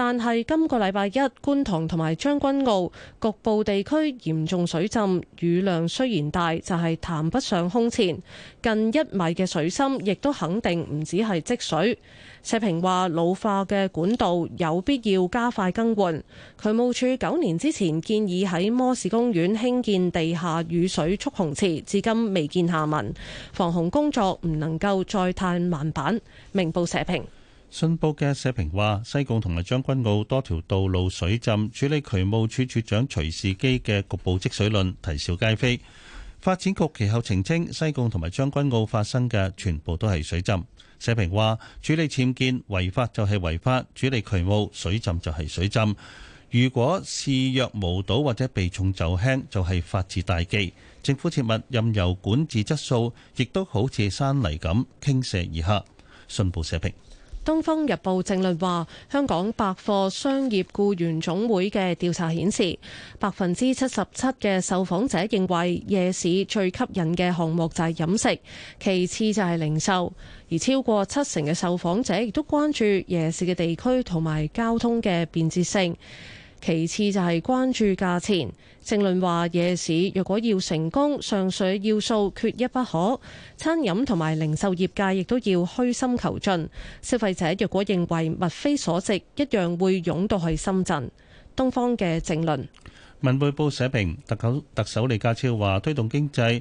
但係今個禮拜一，觀塘同埋將軍澳局部地區嚴重水浸，雨量雖然大，就係、是、談不上空前。近一米嘅水深，亦都肯定唔止係積水。社評話老化嘅管道有必要加快更換。渠務署九年之前建議喺摩士公園興建地下雨水蓄洪池，至今未見下文。防洪工作唔能夠再嘆慢板。明報社評。信報嘅社評話：西貢同埋將軍澳多條道路水浸，處理渠務處處長徐士基嘅局部積水論啼笑皆非。發展局其後澄清，西貢同埋將軍澳發生嘅全部都係水浸。社評話：處理僭建違法就係違法，處理渠務水浸就係水浸。如果視若無睹或者避重就輕，就係、是、法治大忌。政府切勿任由管治質素，亦都好似山泥咁傾瀉而下。信報社評。東方日報正論話香港百貨商業僱員總會嘅調查顯示，百分之七十七嘅受訪者認為夜市最吸引嘅項目就係飲食，其次就係零售。而超過七成嘅受訪者亦都關注夜市嘅地區同埋交通嘅便捷性，其次就係關注價錢。政論話，夜市若果要成功，上述要素缺一不可。餐飲同埋零售業界亦都要虛心求進。消費者若果認為物非所值，一樣會湧到去深圳。東方嘅政論。《文匯報》社評，特首特首李家超話，推動經濟，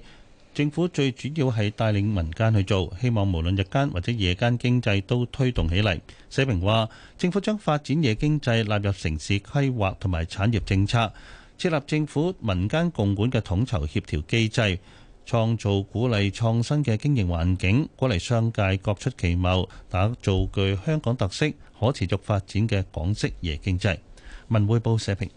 政府最主要係帶領民間去做，希望無論日間或者夜間經濟都推動起嚟。社評話，政府將發展夜經濟納入城市規劃同埋產業政策。設立政府民間共管嘅統籌協調機制，創造鼓勵創新嘅經營環境，鼓勵商界各出奇謀，打造具香港特色、可持續發展嘅港式夜經濟。文匯報社評。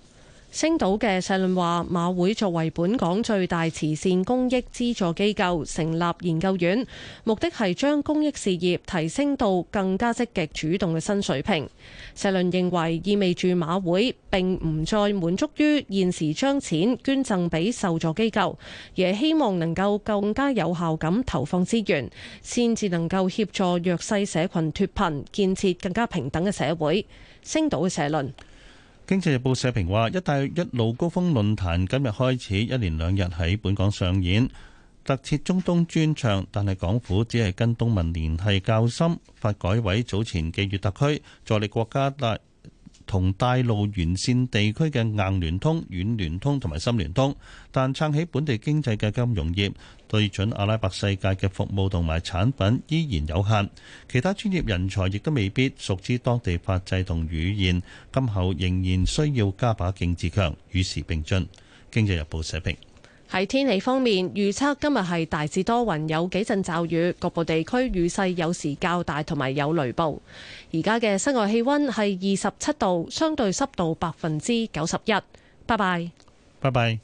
星島嘅社論話，馬會作為本港最大慈善公益資助機構，成立研究院，目的係將公益事業提升到更加積極主動嘅新水平。社論認為意味住馬會並唔再滿足於現時將錢捐贈俾受助機構，而係希望能夠更加有效咁投放資源，先至能夠協助弱勢社群脫貧，建設更加平等嘅社會。星島嘅社論。《經濟日報》社評話：一帶一路高峰論壇今日開始一連兩日喺本港上演，特設中東專場，但係港府只係跟東盟聯繫較深。發改委早前寄予特區助力國家大。同大陸沿線地區嘅硬聯通、軟聯通同埋深聯通，但撐起本地經濟嘅金融業，對準阿拉伯世界嘅服務同埋產品依然有限。其他專業人才亦都未必熟知當地法制同語言，今後仍然需要加把勁自強，與時並進。經濟日報社評。社喺天氣方面，預測今日係大致多雲，有幾陣驟雨，局部地區雨勢有時較大，同埋有雷暴。而家嘅室外氣溫係二十七度，相對濕度百分之九十一。拜拜。拜拜。